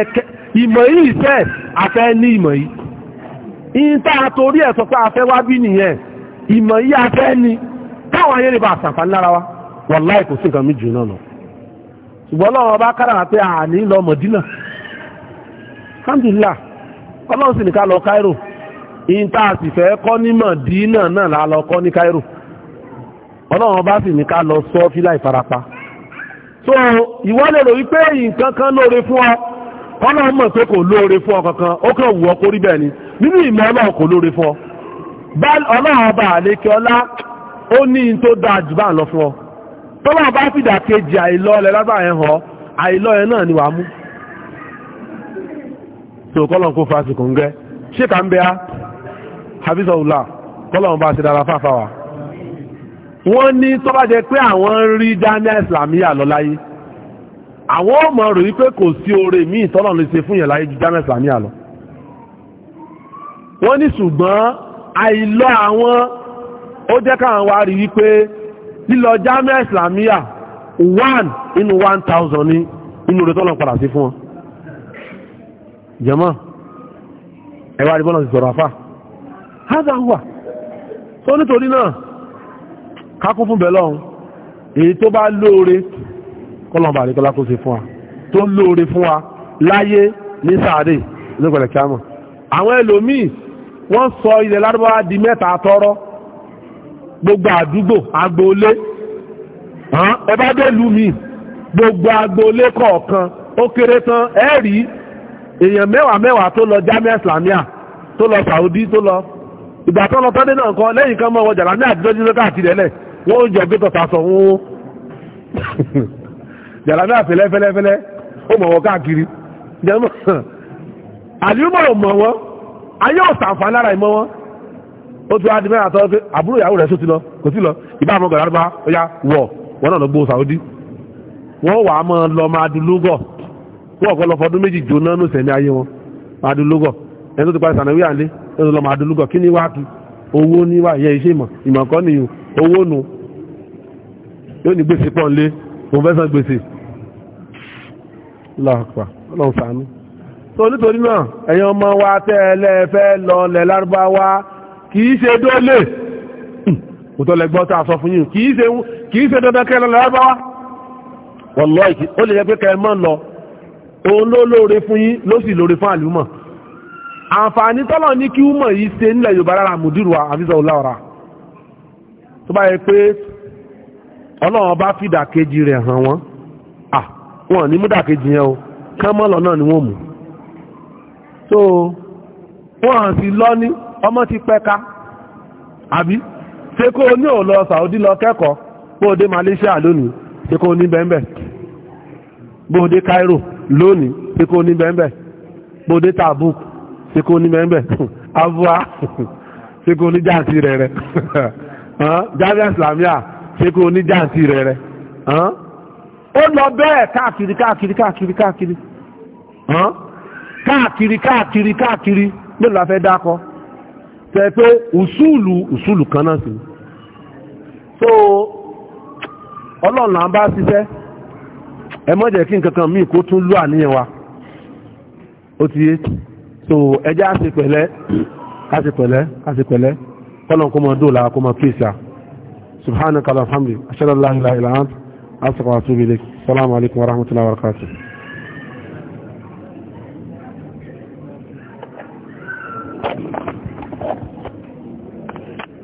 ìmọ̀ yìí fẹ́ afẹ́ ní ìmọ̀ yìí ìta torí ẹ̀ sọ pé afẹ́ wá bí nìyẹn ìmọ̀ yìí afẹ́ ni. táwọn ayé lè bá àsànfà lára wa wàláì kò sí nǹkan mi jù náà lọ ṣùgbọ́n ọlọ́run ọba kára pé àní lọ mọ̀dínà alhamdulillah ọlọ́run sì ní lọ Cairo in tá a sì fẹ́ kọ́ ní mọ̀dínà náà la lọ kọ́ ní Cairo ọlọ́run ọba sì ní lọ sọ fílà ìfarapa so ìwọ lè rò wípé nǹkan kan lóore fún ọ ọlọ́run mọ̀ pé kò lóore fún ọ kankan ó kàn wù ọ kó bẹ́ẹ̀ ni nínú ìmọ̀ ọlọ́run kò lóore fún ọ ọlọ́run ọba ọlá ó ní in tó dáa jù bá ń lọ fún ọ tó bá bá fìdá kejì àìlọ ọlẹ lábà yẹn hàn àìlọ yẹn náà ni wàá mú tí ò kọ́lọ̀ ń kó fásitì kò ń gẹ́ ṣé kà ń bẹ́ á habisahula kọ́lọ̀ ń bá ṣe dára fáfá wa wọ́n ní tó bá jẹ pé àwọn ń rí daniel islamiyah lọ láyé àwọn ọmọ rò wípé kò sí oore míì tọ́lọ̀ lè ṣe fún yẹn láyé ju daniel islamiyah lọ wọ́n ní ṣùgbọ́n àìlọ àwọn ó jẹ́ káwọn wá rí wípé lílọ jámẹ́ islamiyà one in one thousand ní inú rẹ̀ tọ́lọ̀ padà sí fún wọn jẹ́mọ́ ẹwà àdìbọ́nà ti sọ̀rọ̀ àfà hádà wà tó nítorí náà kákún fún bẹ̀lọ́ èyí tó bá lóore kọlọ̀mbà àríkọlá kó ṣe fún wa tó lóore fún wa láyé ní sàárè ní pẹ̀lẹ̀ kíámọ̀ àwọn ẹlòmíì wọ́n sọ ilẹ̀ lárúbáwá di mẹ́ta tọ́rọ́ gbogbo àdúgbò agboolé ẹ bá dé lù mí gbogbo agboolé kọ̀ọ̀kan ó kéré tán ẹ rí èèyàn mẹ́wàá mẹ́wàá tó lọ Jamia Islamia tó lọ Saudi tó lọ ìgbà tó lọ tọ́dé náà kan lẹ́yìn kan mọ́ ọwọ́ jàrá ní àdúgbò jíjọ káàkiri ẹlẹ̀ wọ́n ń jọ gbé tọ̀tà sọ wọ́n ó jàrá ní àfẹ́lẹ́ fẹ́lẹ́fẹ́lẹ́ ó mọ̀ wọ́n káàkiri àdúgbò mọ̀ wọ́n ayé ọ̀sàǹfà lára ìmọ̀ wọ́n ó tún adi mẹ́ta tọ́ pé àbúrò ìyàwó rẹ̀ sóti lọ kò sí lọ ìbá àmọ́ gàdá bá ó wọ̀ wọ́n náà lọ gbó Saudi wọ́n wà á mọ́ lọ máa dúlúgọ̀ wọ́n ọ̀kọ́ lọ fọdún méjì jóná ní sẹ̀mí ayé wọn máa dúlúgọ̀ ẹni tó ti parí sànàwí àlé ẹni lọ máa dúlúgọ̀ kí ni wá tu owó ní wá ìyẹ iṣẹ́ ìmọ̀ ìmọ̀ kọ́ ni owó nu yóò ní gbèsè pọ̀ nlé òun fẹ́ san kìí ṣe dólè òtọ́lẹ̀gbọ́n hmm. tàà sọ fún yín kìí ṣe dandan kẹ́ lọ́lọ́ lábáwá wọ́lọ́ ìkì ó lè yẹ pé kẹ́ẹ̀mọ́ lọ òun ló lóore fún yín ló sì lóore fún àlúmọ̀ àǹfààní tọ́lọ̀ ní kí úmọ̀ yìí ṣe nílẹ̀ Yorùbá rárá mùdírù àfíìsọ̀ ọláọ̀rá tó bá yẹ pé Ọlọ́run bá fìdà kejì rẹ̀ hàn wọ́n à wọ́n ní múdà kejì yẹn o kán mọ́ lọ náà ni wọ́n mú so wọ́n hàn sí lọ́ní ọmọ ti pẹ́ka àbí ṣe kó ní ò lọ Saudi lọ kẹ́kọ̀ọ́ bó dé Malaysia lónìí ṣe kó ní bẹ́ẹ̀bẹ́ bó Cairo lónìí ṣe kó ní bẹ́ẹ̀bẹ́ bó dé Tabuk ṣe kó ní bẹ́ẹ̀bẹ́ abua ṣe kó ní jáǹtì rẹ̀ rẹ̀ jáde Islamia ṣe kó ní jáǹtì rẹ̀ rẹ̀ ó lọ bẹ́ẹ̀ káàkiri káàkiri káàkiri káàkiri káàkiri káàkiri káàkiri tẹ́ pé ùsùlù ùsùlù kan náà sí so ọlọ́run à ń bá ṣiṣẹ́ ẹ má jẹ́ kí nǹkankan míì kó tún lú àníyàn wa ó ti yé so ẹjẹ́ àṣẹ pẹ̀lẹ́ àṣẹ pẹ̀lẹ́ àṣẹ pẹ̀lẹ́ kọ́lọ̀ kó mọ dóòlà kó mọ pèsè à subhanaka alhamdi ashhadu an la ilaha illa anta astaghfiruka wa atubu ilayk assalamu wa rahmatullahi wa barakatuh